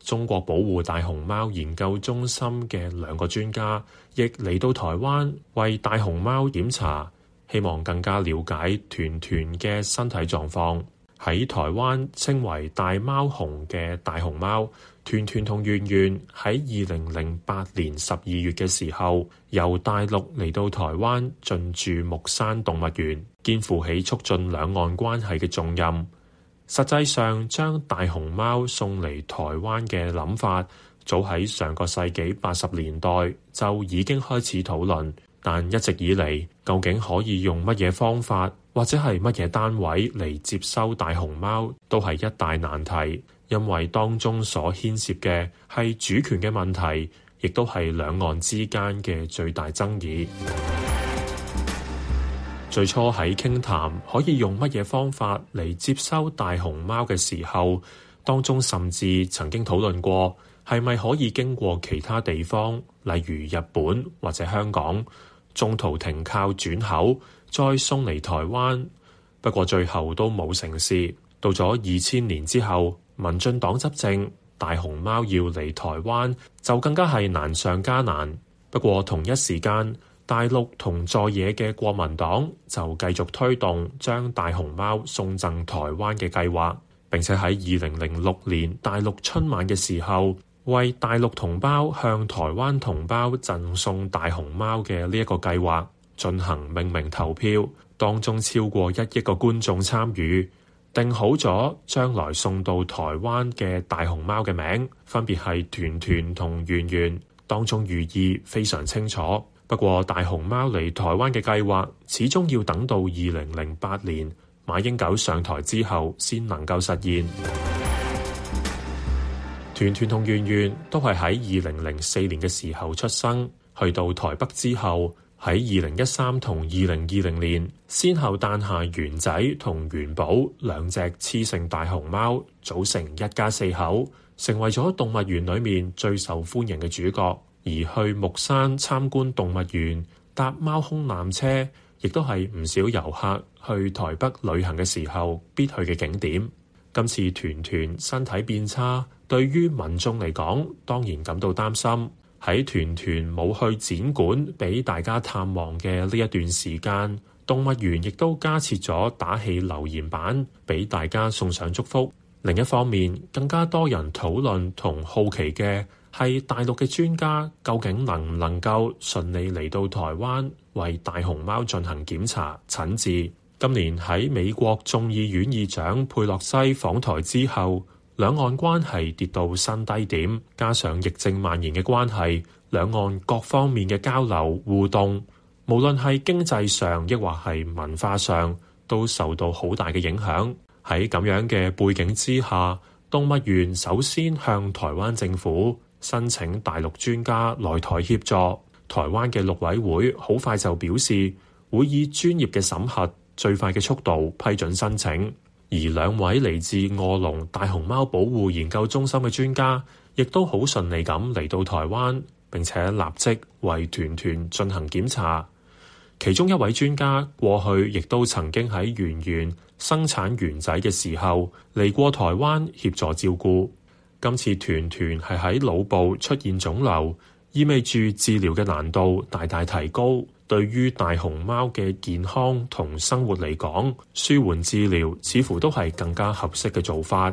中國保護大熊貓研究中心嘅兩個專家，亦嚟到台灣為大熊貓檢查，希望更加了解團團嘅身體狀況。喺台灣稱為大貓熊嘅大熊貓。團團同圓圓喺二零零八年十二月嘅時候，由大陸嚟到台灣，進駐木山動物園，肩負起促進兩岸關係嘅重任。實際上，將大熊貓送嚟台灣嘅諗法，早喺上個世紀八十年代就已經開始討論，但一直以嚟，究竟可以用乜嘢方法或者係乜嘢單位嚟接收大熊貓，都係一大難題。因為當中所牽涉嘅係主權嘅問題，亦都係兩岸之間嘅最大爭議。 [MUSIC] 最初喺傾談，談可以用乜嘢方法嚟接收大熊貓嘅時候，當中甚至曾經討論過係咪可以經過其他地方，例如日本或者香港，中途停靠轉口，再送嚟台灣。不過最後都冇成事。到咗二千年之後，民進黨執政，大熊貓要嚟台灣就更加係難上加難。不過同一時間，大陸同在野嘅國民黨就繼續推動將大熊貓送贈台灣嘅計劃。並且喺二零零六年大陸春晚嘅時候，為大陸同胞向台灣同胞贈送大熊貓嘅呢一個計劃進行命名投票，當中超過一億個觀眾參與。定好咗將來送到台灣嘅大熊貓嘅名，分別係團團同圓圓，當中寓意非常清楚。不過大熊貓嚟台灣嘅計劃，始終要等到二零零八年馬英九上台之後，先能夠實現。團團同圓圓都係喺二零零四年嘅時候出生，去到台北之後，喺二零一三同二零二零年，先後誕下圓仔同圓寶兩隻雌性大熊貓，組成一家四口，成為咗動物園裏面最受歡迎嘅主角。而去木山參觀動物園，搭貓空纜車，亦都係唔少遊客去台北旅行嘅時候必去嘅景點。今次團團身體變差，對於民眾嚟講，當然感到擔心。喺團團冇去展館俾大家探望嘅呢一段時間，動物園亦都加設咗打氣留言板俾大家送上祝福。另一方面，更加多人討論同好奇嘅係大陸嘅專家究竟能唔能夠順利嚟到台灣為大熊貓進行檢查診治。今年喺美國眾議院議長佩洛西訪台之後，兩岸關係跌到新低點，加上疫症蔓延嘅關係，兩岸各方面嘅交流互動，無論係經濟上亦或係文化上，都受到好大嘅影響。喺咁樣嘅背景之下，動物園首先向台灣政府申請大陸專家來台協助，台灣嘅陸委會好快就表示會以專業嘅審核、最快嘅速度批准申請。而兩位嚟自臥龍大熊貓保護研究中心嘅專家，亦都好順利咁嚟到台灣，並且立即為團團進行檢查。其中一位專家過去亦都曾經喺圓圓生產圓仔嘅時候嚟過台灣協助照顧。今次團團係喺腦部出現腫瘤，意味住治療嘅難度大大提高。對於大熊貓嘅健康同生活嚟講，舒緩治療似乎都係更加合適嘅做法。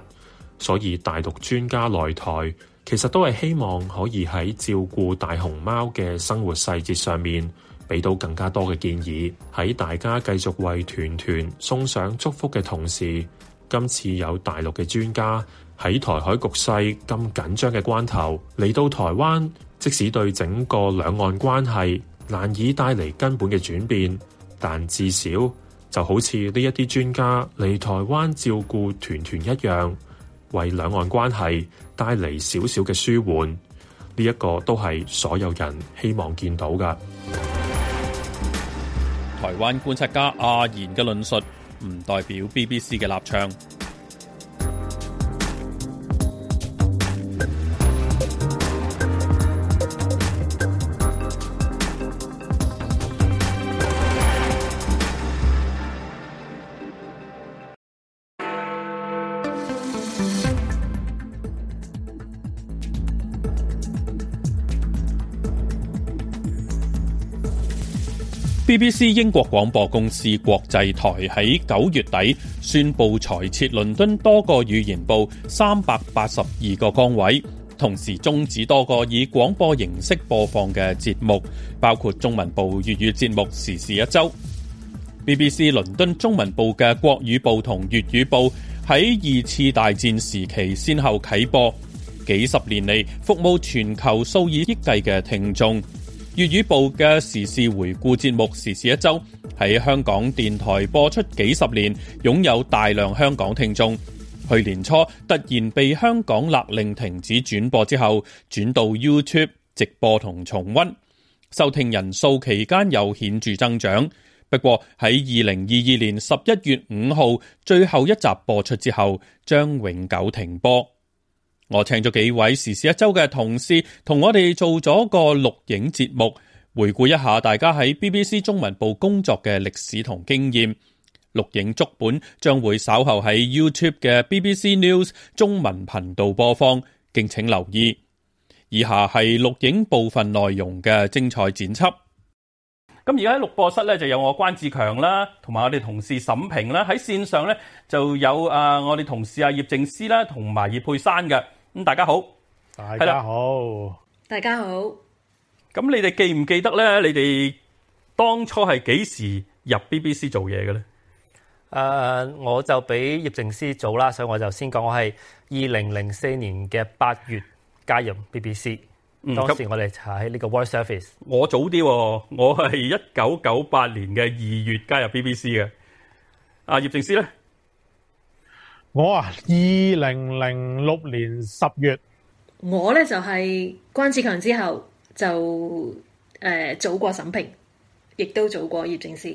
所以大陸專家來台，其實都係希望可以喺照顧大熊貓嘅生活細節上面，俾到更加多嘅建議。喺大家繼續為團團送上祝福嘅同時，今次有大陸嘅專家喺台海局勢咁緊張嘅關頭，嚟到台灣，即使對整個兩岸關係，難以帶嚟根本嘅轉變，但至少就好似呢一啲專家嚟台灣照顧團團一樣，為兩岸關係帶嚟少少嘅舒緩，呢一個都係所有人希望見到嘅。台灣觀察家阿言嘅論述唔代表 BBC 嘅立場。BBC 英國廣播公司國際台喺九月底宣布裁撤倫敦多個語言部三百八十二個崗位，同時終止多個以廣播形式播放嘅節目，包括中文部粵語節目《時事一周》。BBC 倫敦中文部嘅國語部同粵語部喺二次大戰時期先後啟播，幾十年嚟服務全球數以億計嘅聽眾。粵語部嘅時事回顧節目《時事一周》喺香港電台播出幾十年，擁有大量香港聽眾。去年初突然被香港勒令停止轉播之後，轉到 YouTube 直播同重温，收聽人數期間有顯著增長。不過喺二零二二年十一月五號最後一集播出之後，將永久停播。我請咗幾位時事一周嘅同事，同我哋做咗個錄影節目，回顧一下大家喺 BBC 中文部工作嘅歷史同經驗。錄影足本將會稍後喺 YouTube 嘅 BBC News 中文頻道播放，敬請留意。以下係錄影部分內容嘅精彩剪輯。咁而家喺錄播室咧，就有我關志強啦，同埋我哋同事沈平啦。喺線上咧，就有啊我哋同事啊葉靜思啦，同埋葉佩珊嘅。咁大家好，大家好，大家好。咁的你哋記唔記得咧？你哋當初係幾時入 BBC 做嘢嘅咧？誒、呃，我就比葉靜思早啦，所以我就先講，我係二零零四年嘅八月加入 BBC。當時我哋喺呢個 World Service 我早啲、啊，我係一九九八年嘅二月加入 BBC 嘅。阿葉正思咧，啊我啊二零零六年十月。我咧就係、是、關志強之後就誒、呃、做過審評，亦都做過葉正思。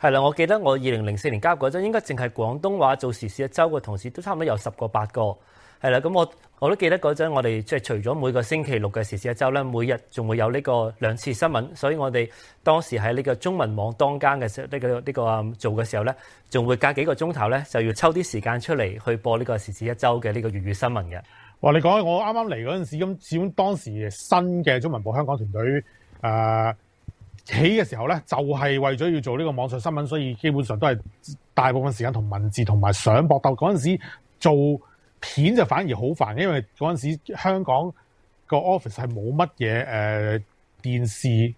係啦，我記得我二零零四年加入嗰陣，應該淨係廣東話做時事一周嘅同事，都差唔多有十個八個。係啦，咁我我都記得嗰陣，我哋即係除咗每個星期六嘅時事一周咧，每日仲會有呢個兩次新聞，所以我哋當時喺呢個中文網當間嘅時、這個這個嗯、時候呢，呢個呢個做嘅時候咧，仲會隔幾個鐘頭咧，就要抽啲時間出嚟去播呢個時事一周嘅呢個粵語新聞嘅。哇！你講起我啱啱嚟嗰陣時，咁始終當時新嘅中文部香港團隊誒起嘅時候咧，就係、是、為咗要做呢個網上新聞，所以基本上都係大部分時間同文字同埋上搏鬥。嗰陣時做。片就反而好煩，因為嗰陣時香港個 office 係冇乜嘢誒電視，誒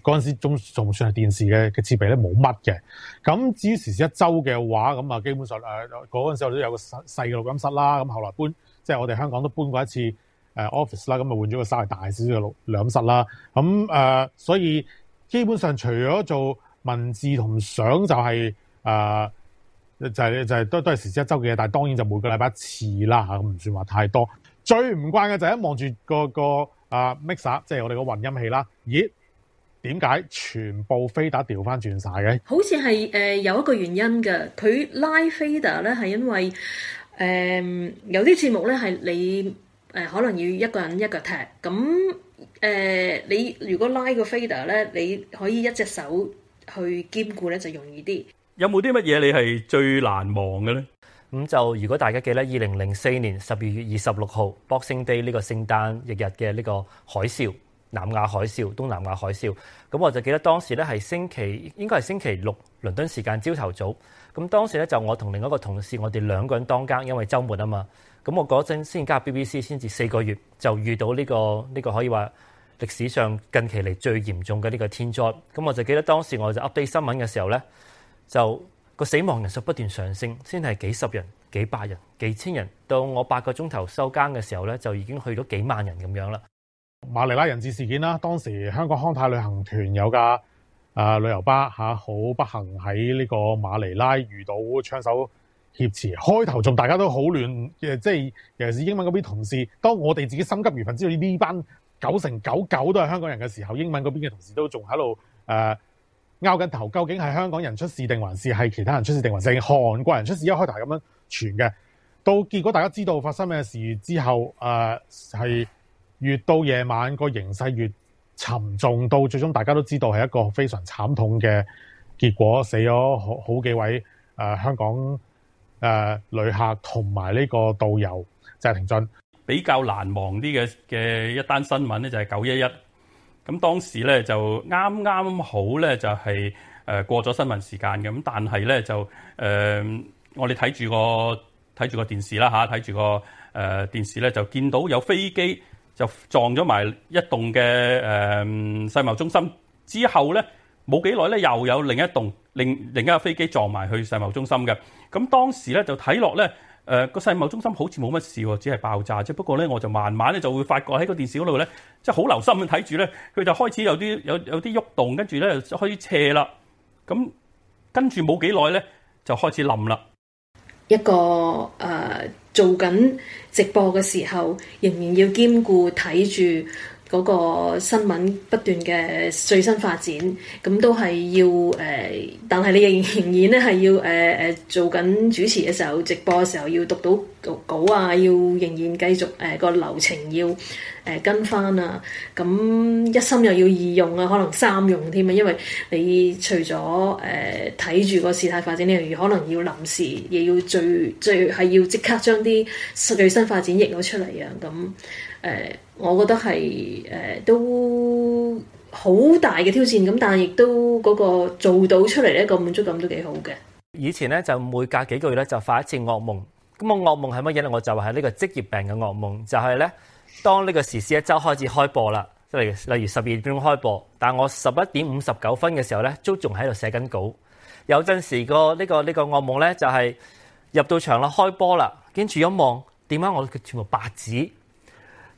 嗰陣時仲仲算係電視嘅嘅設備咧，冇乜嘅。咁至於時事一周嘅話，咁啊基本上誒嗰陣時候都有個細細嘅錄音室啦。咁後來搬，即係我哋香港都搬過一次誒 office 啦。咁、呃、啊換咗個稍微大少少嘅錄錄音室啦。咁誒、呃，所以基本上除咗做文字同相、就是，就係誒。就係、是、就係、是就是、都都係時事一周嘅嘢，但係當然就每個禮拜一次啦嚇，咁唔算話太多。最唔慣嘅就係一望住、那個個啊 mixer，即係我哋個混音器啦。咦？點解全部飛打調翻轉晒嘅？好似係誒有一個原因嘅，佢拉飛達咧係因為誒、呃、有啲節目咧係你誒、呃、可能要一個人一個腳踢，咁誒、呃、你如果拉個飛達咧，你可以一隻手去兼顧咧就容易啲。有冇啲乜嘢你係最難忘嘅呢？咁就如果大家記得二零零四年十二月二十六號 Boxing Day 呢個聖誕翌日嘅呢個海嘯，南亞海嘯、東南亞海嘯咁，我就記得當時咧係星期應該係星期六倫敦時間朝頭早咁。當時咧就我同另一個同事，我哋兩個人當更，因為周末啊嘛。咁我嗰陣先加入 B B C，先至四個月就遇到呢、這個呢、這個可以話歷史上近期嚟，最嚴重嘅呢個天災。咁我就記得當時我就 update 新聞嘅時候咧。就、那個死亡人數不斷上升，先係幾十人、幾百人、幾千人，到我八個鐘頭收更嘅時候咧，就已經去到幾萬人咁樣啦。馬尼拉人質事件啦，當時香港康泰旅行團有架啊、呃、旅遊巴嚇，好、啊、不幸喺呢個馬尼拉遇到槍手挾持，開頭仲大家都好亂嘅，即、呃、係尤其是英文嗰邊同事，當我哋自己心急如焚知道呢班九成九九都係香港人嘅時候，英文嗰邊嘅同事都仲喺度誒。呃呃拗緊頭，究竟係香港人出事定還是係其他人出事定還是韓國人出事？一開頭係咁樣傳嘅，到結果大家知道發生咩事之後，誒、呃、係越到夜晚個形勢越沉重，到最終大家都知道係一個非常慘痛嘅結果，死咗好好幾位誒、呃、香港誒、呃、旅客同埋呢個導遊謝廷駿，比較難忘啲嘅嘅一單新聞咧，就係九一一。咁當時咧，就啱啱好咧，就係誒過咗新聞時間嘅。咁，但係咧就誒、呃、我哋睇住個睇住個電視啦嚇，睇住個誒、呃、電視咧，就見到有飛機就撞咗埋一棟嘅誒世貿中心之後咧，冇幾耐咧，又有另一棟另另一架飛機撞埋去世貿中心嘅。咁當時咧，就睇落咧。誒個、呃、世貿中心好似冇乜事喎，只係爆炸啫。不過咧，我就慢慢咧就會發覺喺個電視嗰度咧，即係好留心咁睇住咧，佢就開始有啲有有啲喐動、動，跟住咧開始斜啦。咁跟住冇幾耐咧，就開始冧啦。一個誒、呃、做緊直播嘅時候，仍然要兼顧睇住嗰個新聞不斷嘅最新發展，咁都係要誒、呃，但係你仍然咧係要誒誒、呃、做緊主持嘅時候，直播嘅時候要讀到稿啊，要仍然繼續誒個、呃、流程要誒、呃、跟翻啊，咁一心又要二用啊，可能三用添啊，因為你除咗誒睇住個事態發展，呢樣嘢，可能要臨時，亦要最最係要即刻將啲最新發展譯咗出嚟啊，咁。誒、呃，我覺得係誒、呃、都好大嘅挑戰，咁但係亦都嗰個做到出嚟呢個滿足感都幾好嘅。以前咧就每隔幾個月咧就發一次噩夢，咁個噩夢係乜嘢咧？我就話係呢個職業病嘅噩夢，就係、是、咧當呢個時事一周開始開播啦，即係例如十二點鐘開播，但我十一點五十九分嘅時候咧，都仲喺度寫緊稿。有陣時、這個呢、這個呢、這個噩夢咧就係、是、入到場啦，開波啦，跟住一望點解我全部白紙？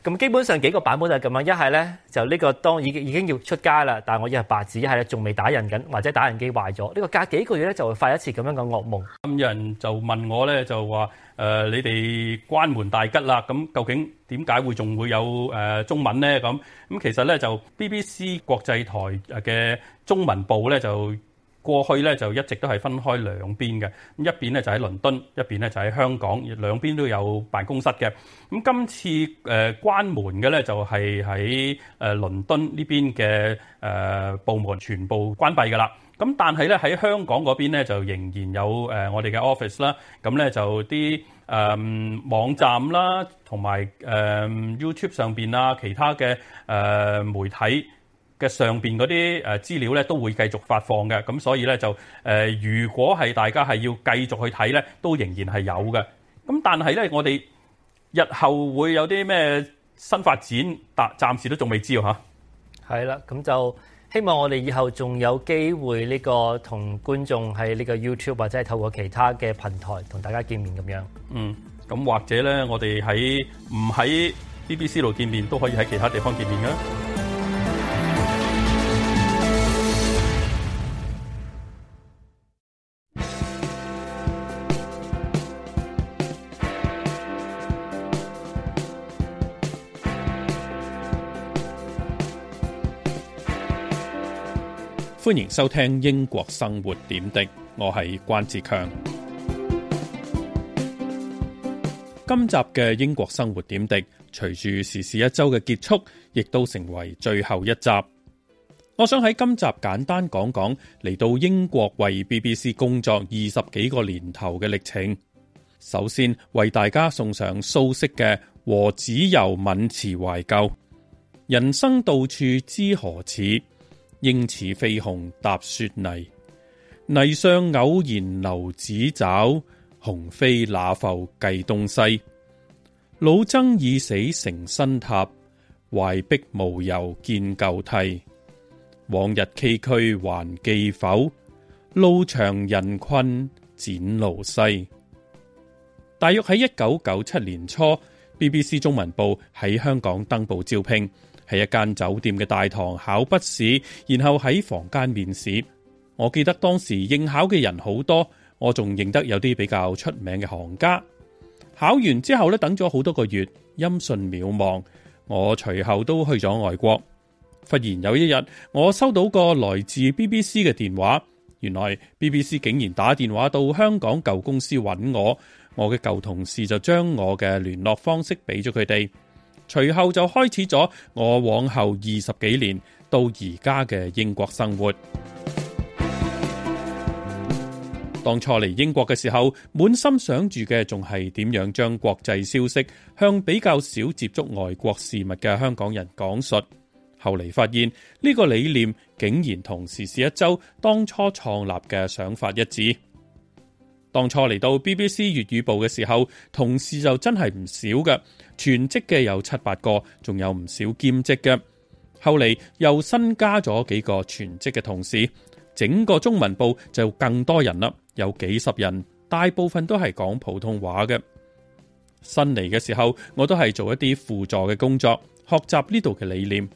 咁基本上幾個版本都係咁樣，一係咧就呢個當已經已經要出街啦，但係我一係白紙；一係咧仲未打印緊，或者打印機壞咗。呢個隔幾個月咧就會發一次咁樣嘅噩夢。咁有人就問我咧，就話誒你哋關門大吉啦，咁究竟點解會仲會有誒中文咧？咁咁其實咧就 BBC 國際台嘅中文部咧就。過去咧就一直都係分開兩邊嘅，一邊咧就喺倫敦，一邊咧就喺香港，兩邊都有辦公室嘅。咁今次誒關門嘅咧就係喺誒倫敦呢邊嘅誒部門全部關閉㗎啦。咁但係咧喺香港嗰邊咧就仍然有誒我哋嘅 office 啦，咁咧就啲誒網站啦，同埋誒 YouTube 上邊啦，其他嘅誒媒體。嘅上邊嗰啲誒資料咧都會繼續發放嘅，咁所以咧就誒、呃，如果係大家係要繼續去睇咧，都仍然係有嘅。咁但係咧，我哋日後會有啲咩新發展，暫暫時都仲未知㗎嚇。係、啊、啦，咁就希望我哋以後仲有機會呢、呢個同觀眾喺呢個 YouTube 或者係透過其他嘅平台同大家見面咁樣。嗯，咁或者咧，我哋喺唔喺 BBC 度見面，都可以喺其他地方見面嘅。歡迎收聽英國生活點滴，我係關志強。今集嘅英國生活點滴，隨住時事一周嘅結束，亦都成為最後一集。我想喺今集簡單講講嚟到英國為 BBC 工作二十幾個年頭嘅歷程。首先為大家送上蘇軾嘅《和子由澠池懷舊》，人生到處知何似？應似飛鴻踏雪泥，泥上偶然留指爪。鴻飛那復計東西？老僧已死成新塔，壞壁無由見舊題。往日崎嶇還記否？路長人困蹇驢嘶。大約喺一九九七年初。BBC 中文部喺香港登報招聘，係一間酒店嘅大堂考筆試，然後喺房間面試。我記得當時應考嘅人好多，我仲認得有啲比較出名嘅行家。考完之後咧，等咗好多個月，音訊渺茫。我隨後都去咗外國。忽然有一日，我收到個來自 BBC 嘅電話，原來 BBC 竟然打電話到香港舊公司搵我。我嘅舊同事就將我嘅聯絡方式俾咗佢哋，隨後就開始咗我往後二十幾年到而家嘅英國生活。 [MUSIC] 當初嚟英國嘅時候，滿心想住嘅仲係點樣將國際消息向比較少接觸外國事物嘅香港人講述。後嚟發現呢個理念竟然同時事一周當初創立嘅想法一致。當初嚟到 BBC 粵語部嘅時候，同事就真係唔少嘅，全職嘅有七八個，仲有唔少兼職嘅。後嚟又新加咗幾個全職嘅同事，整個中文部就更多人啦，有幾十人，大部分都係講普通話嘅。新嚟嘅時候，我都係做一啲輔助嘅工作，學習呢度嘅理念。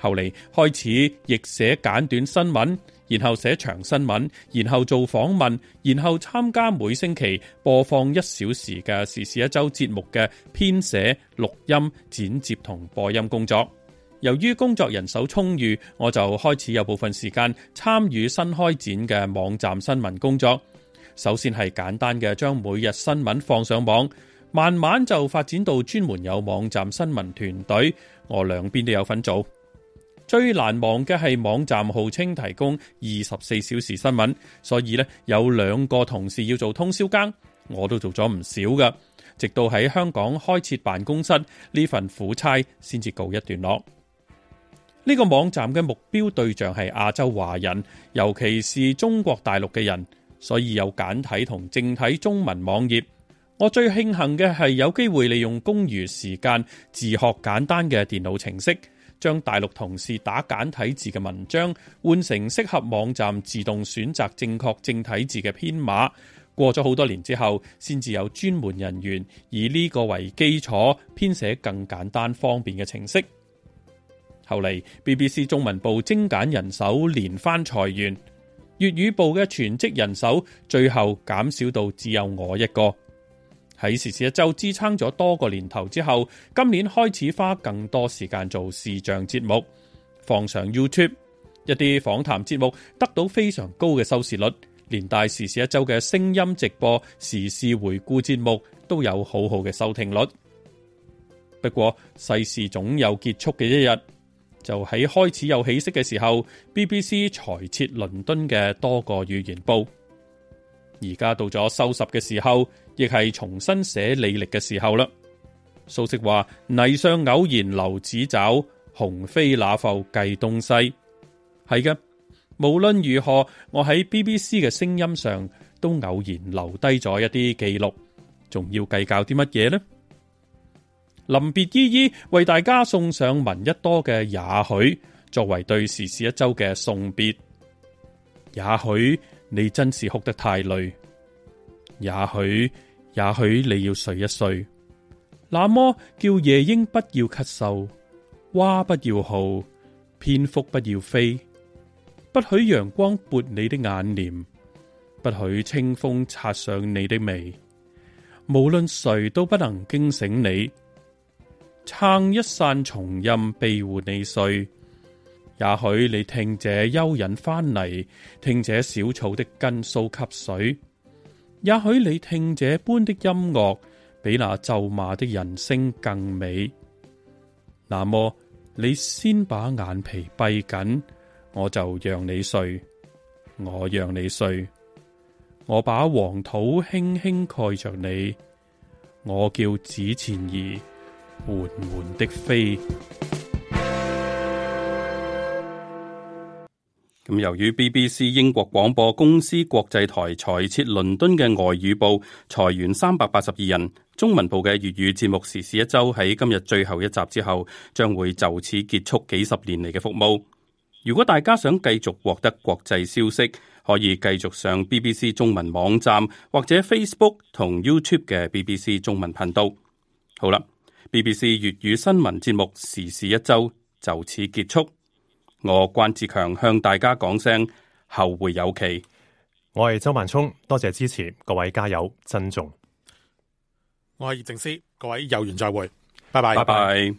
後嚟開始譯寫簡短新聞。然後寫長新聞，然後做訪問，然後參加每星期播放一小時嘅時事一周節目嘅編寫、錄音、剪接同播音工作。由於工作人手充裕，我就開始有部分時間參與新開展嘅網站新聞工作。首先係簡單嘅將每日新聞放上網，慢慢就發展到專門有網站新聞團隊，我兩邊都有份做。最難忘嘅係網站號稱提供二十四小時新聞，所以呢，有兩個同事要做通宵更，我都做咗唔少噶。直到喺香港開設辦公室，呢份苦差先至告一段落。呢個網站嘅目標對象係亞洲華人，尤其是中國大陸嘅人，所以有簡體同正體中文網頁。我最慶幸嘅係有機會利用公餘時間自學簡單嘅電腦程式。將大陸同事打簡體字嘅文章換成適合網站自動選擇正確正體字嘅編碼，過咗好多年之後，先至有專門人員以呢個為基礎編寫更簡單方便嘅程式。後嚟 BBC 中文部精簡人手，連番裁員，粵語部嘅全職人手最後減少到只有我一個。喺時事一周支撐咗多個年頭之後，今年開始花更多時間做視像節目，放上 YouTube 一啲訪談節目，得到非常高嘅收視率。連帶時事一周嘅聲音直播、時事回顧節目都有好好嘅收聽率。不過世事總有結束嘅一日，就喺開始有起色嘅時候，BBC 裁撤倫敦嘅多個語言部，而家到咗收拾嘅時候。亦係重新寫履歷嘅時候啦。蘇軾話：泥上偶然留指爪，鴻飛那復計東西。係嘅，無論如何，我喺 BBC 嘅聲音上都偶然留低咗一啲記錄，仲要計較啲乜嘢呢？臨別依依，為大家送上文一多嘅《也許》，作為對時事一周嘅送別。也許你真是哭得太累。也許，也許你要睡一睡。那麼叫夜鶯不要咳嗽，蛙不要號，蝙蝠不要飛，不許陽光撥你的眼簾，不許清風擦上你的眉，無論誰都不能驚醒你。撐一扇松蔭庇護你睡。也許你聽這蚯蚓翻泥，聽這小草的根鬚吸水。也許你聽這般的音樂，比那咒罵的人聲更美。那麼你先把眼皮閉緊，我就讓你睡，我讓你睡，我把黃土輕輕蓋着你，我叫紙錢兒緩緩的飛。由於 BBC 英國廣播公司國際台裁撤倫敦嘅外語部，裁員三百八十二人，中文部嘅粵語節目《時事一周》喺今日最後一集之後，將會就此結束幾十年嚟嘅服務。如果大家想繼續獲得國際消息，可以繼續上 BBC 中文網站或者 Facebook 同 YouTube 嘅 BBC 中文頻道。好啦，BBC 粵語新聞節目《時事一周》就此結束。我關志強向大家講聲後會有期，我係周萬聰，多謝支持，各位加油，珍重。我係葉正思，各位有緣再會，拜拜。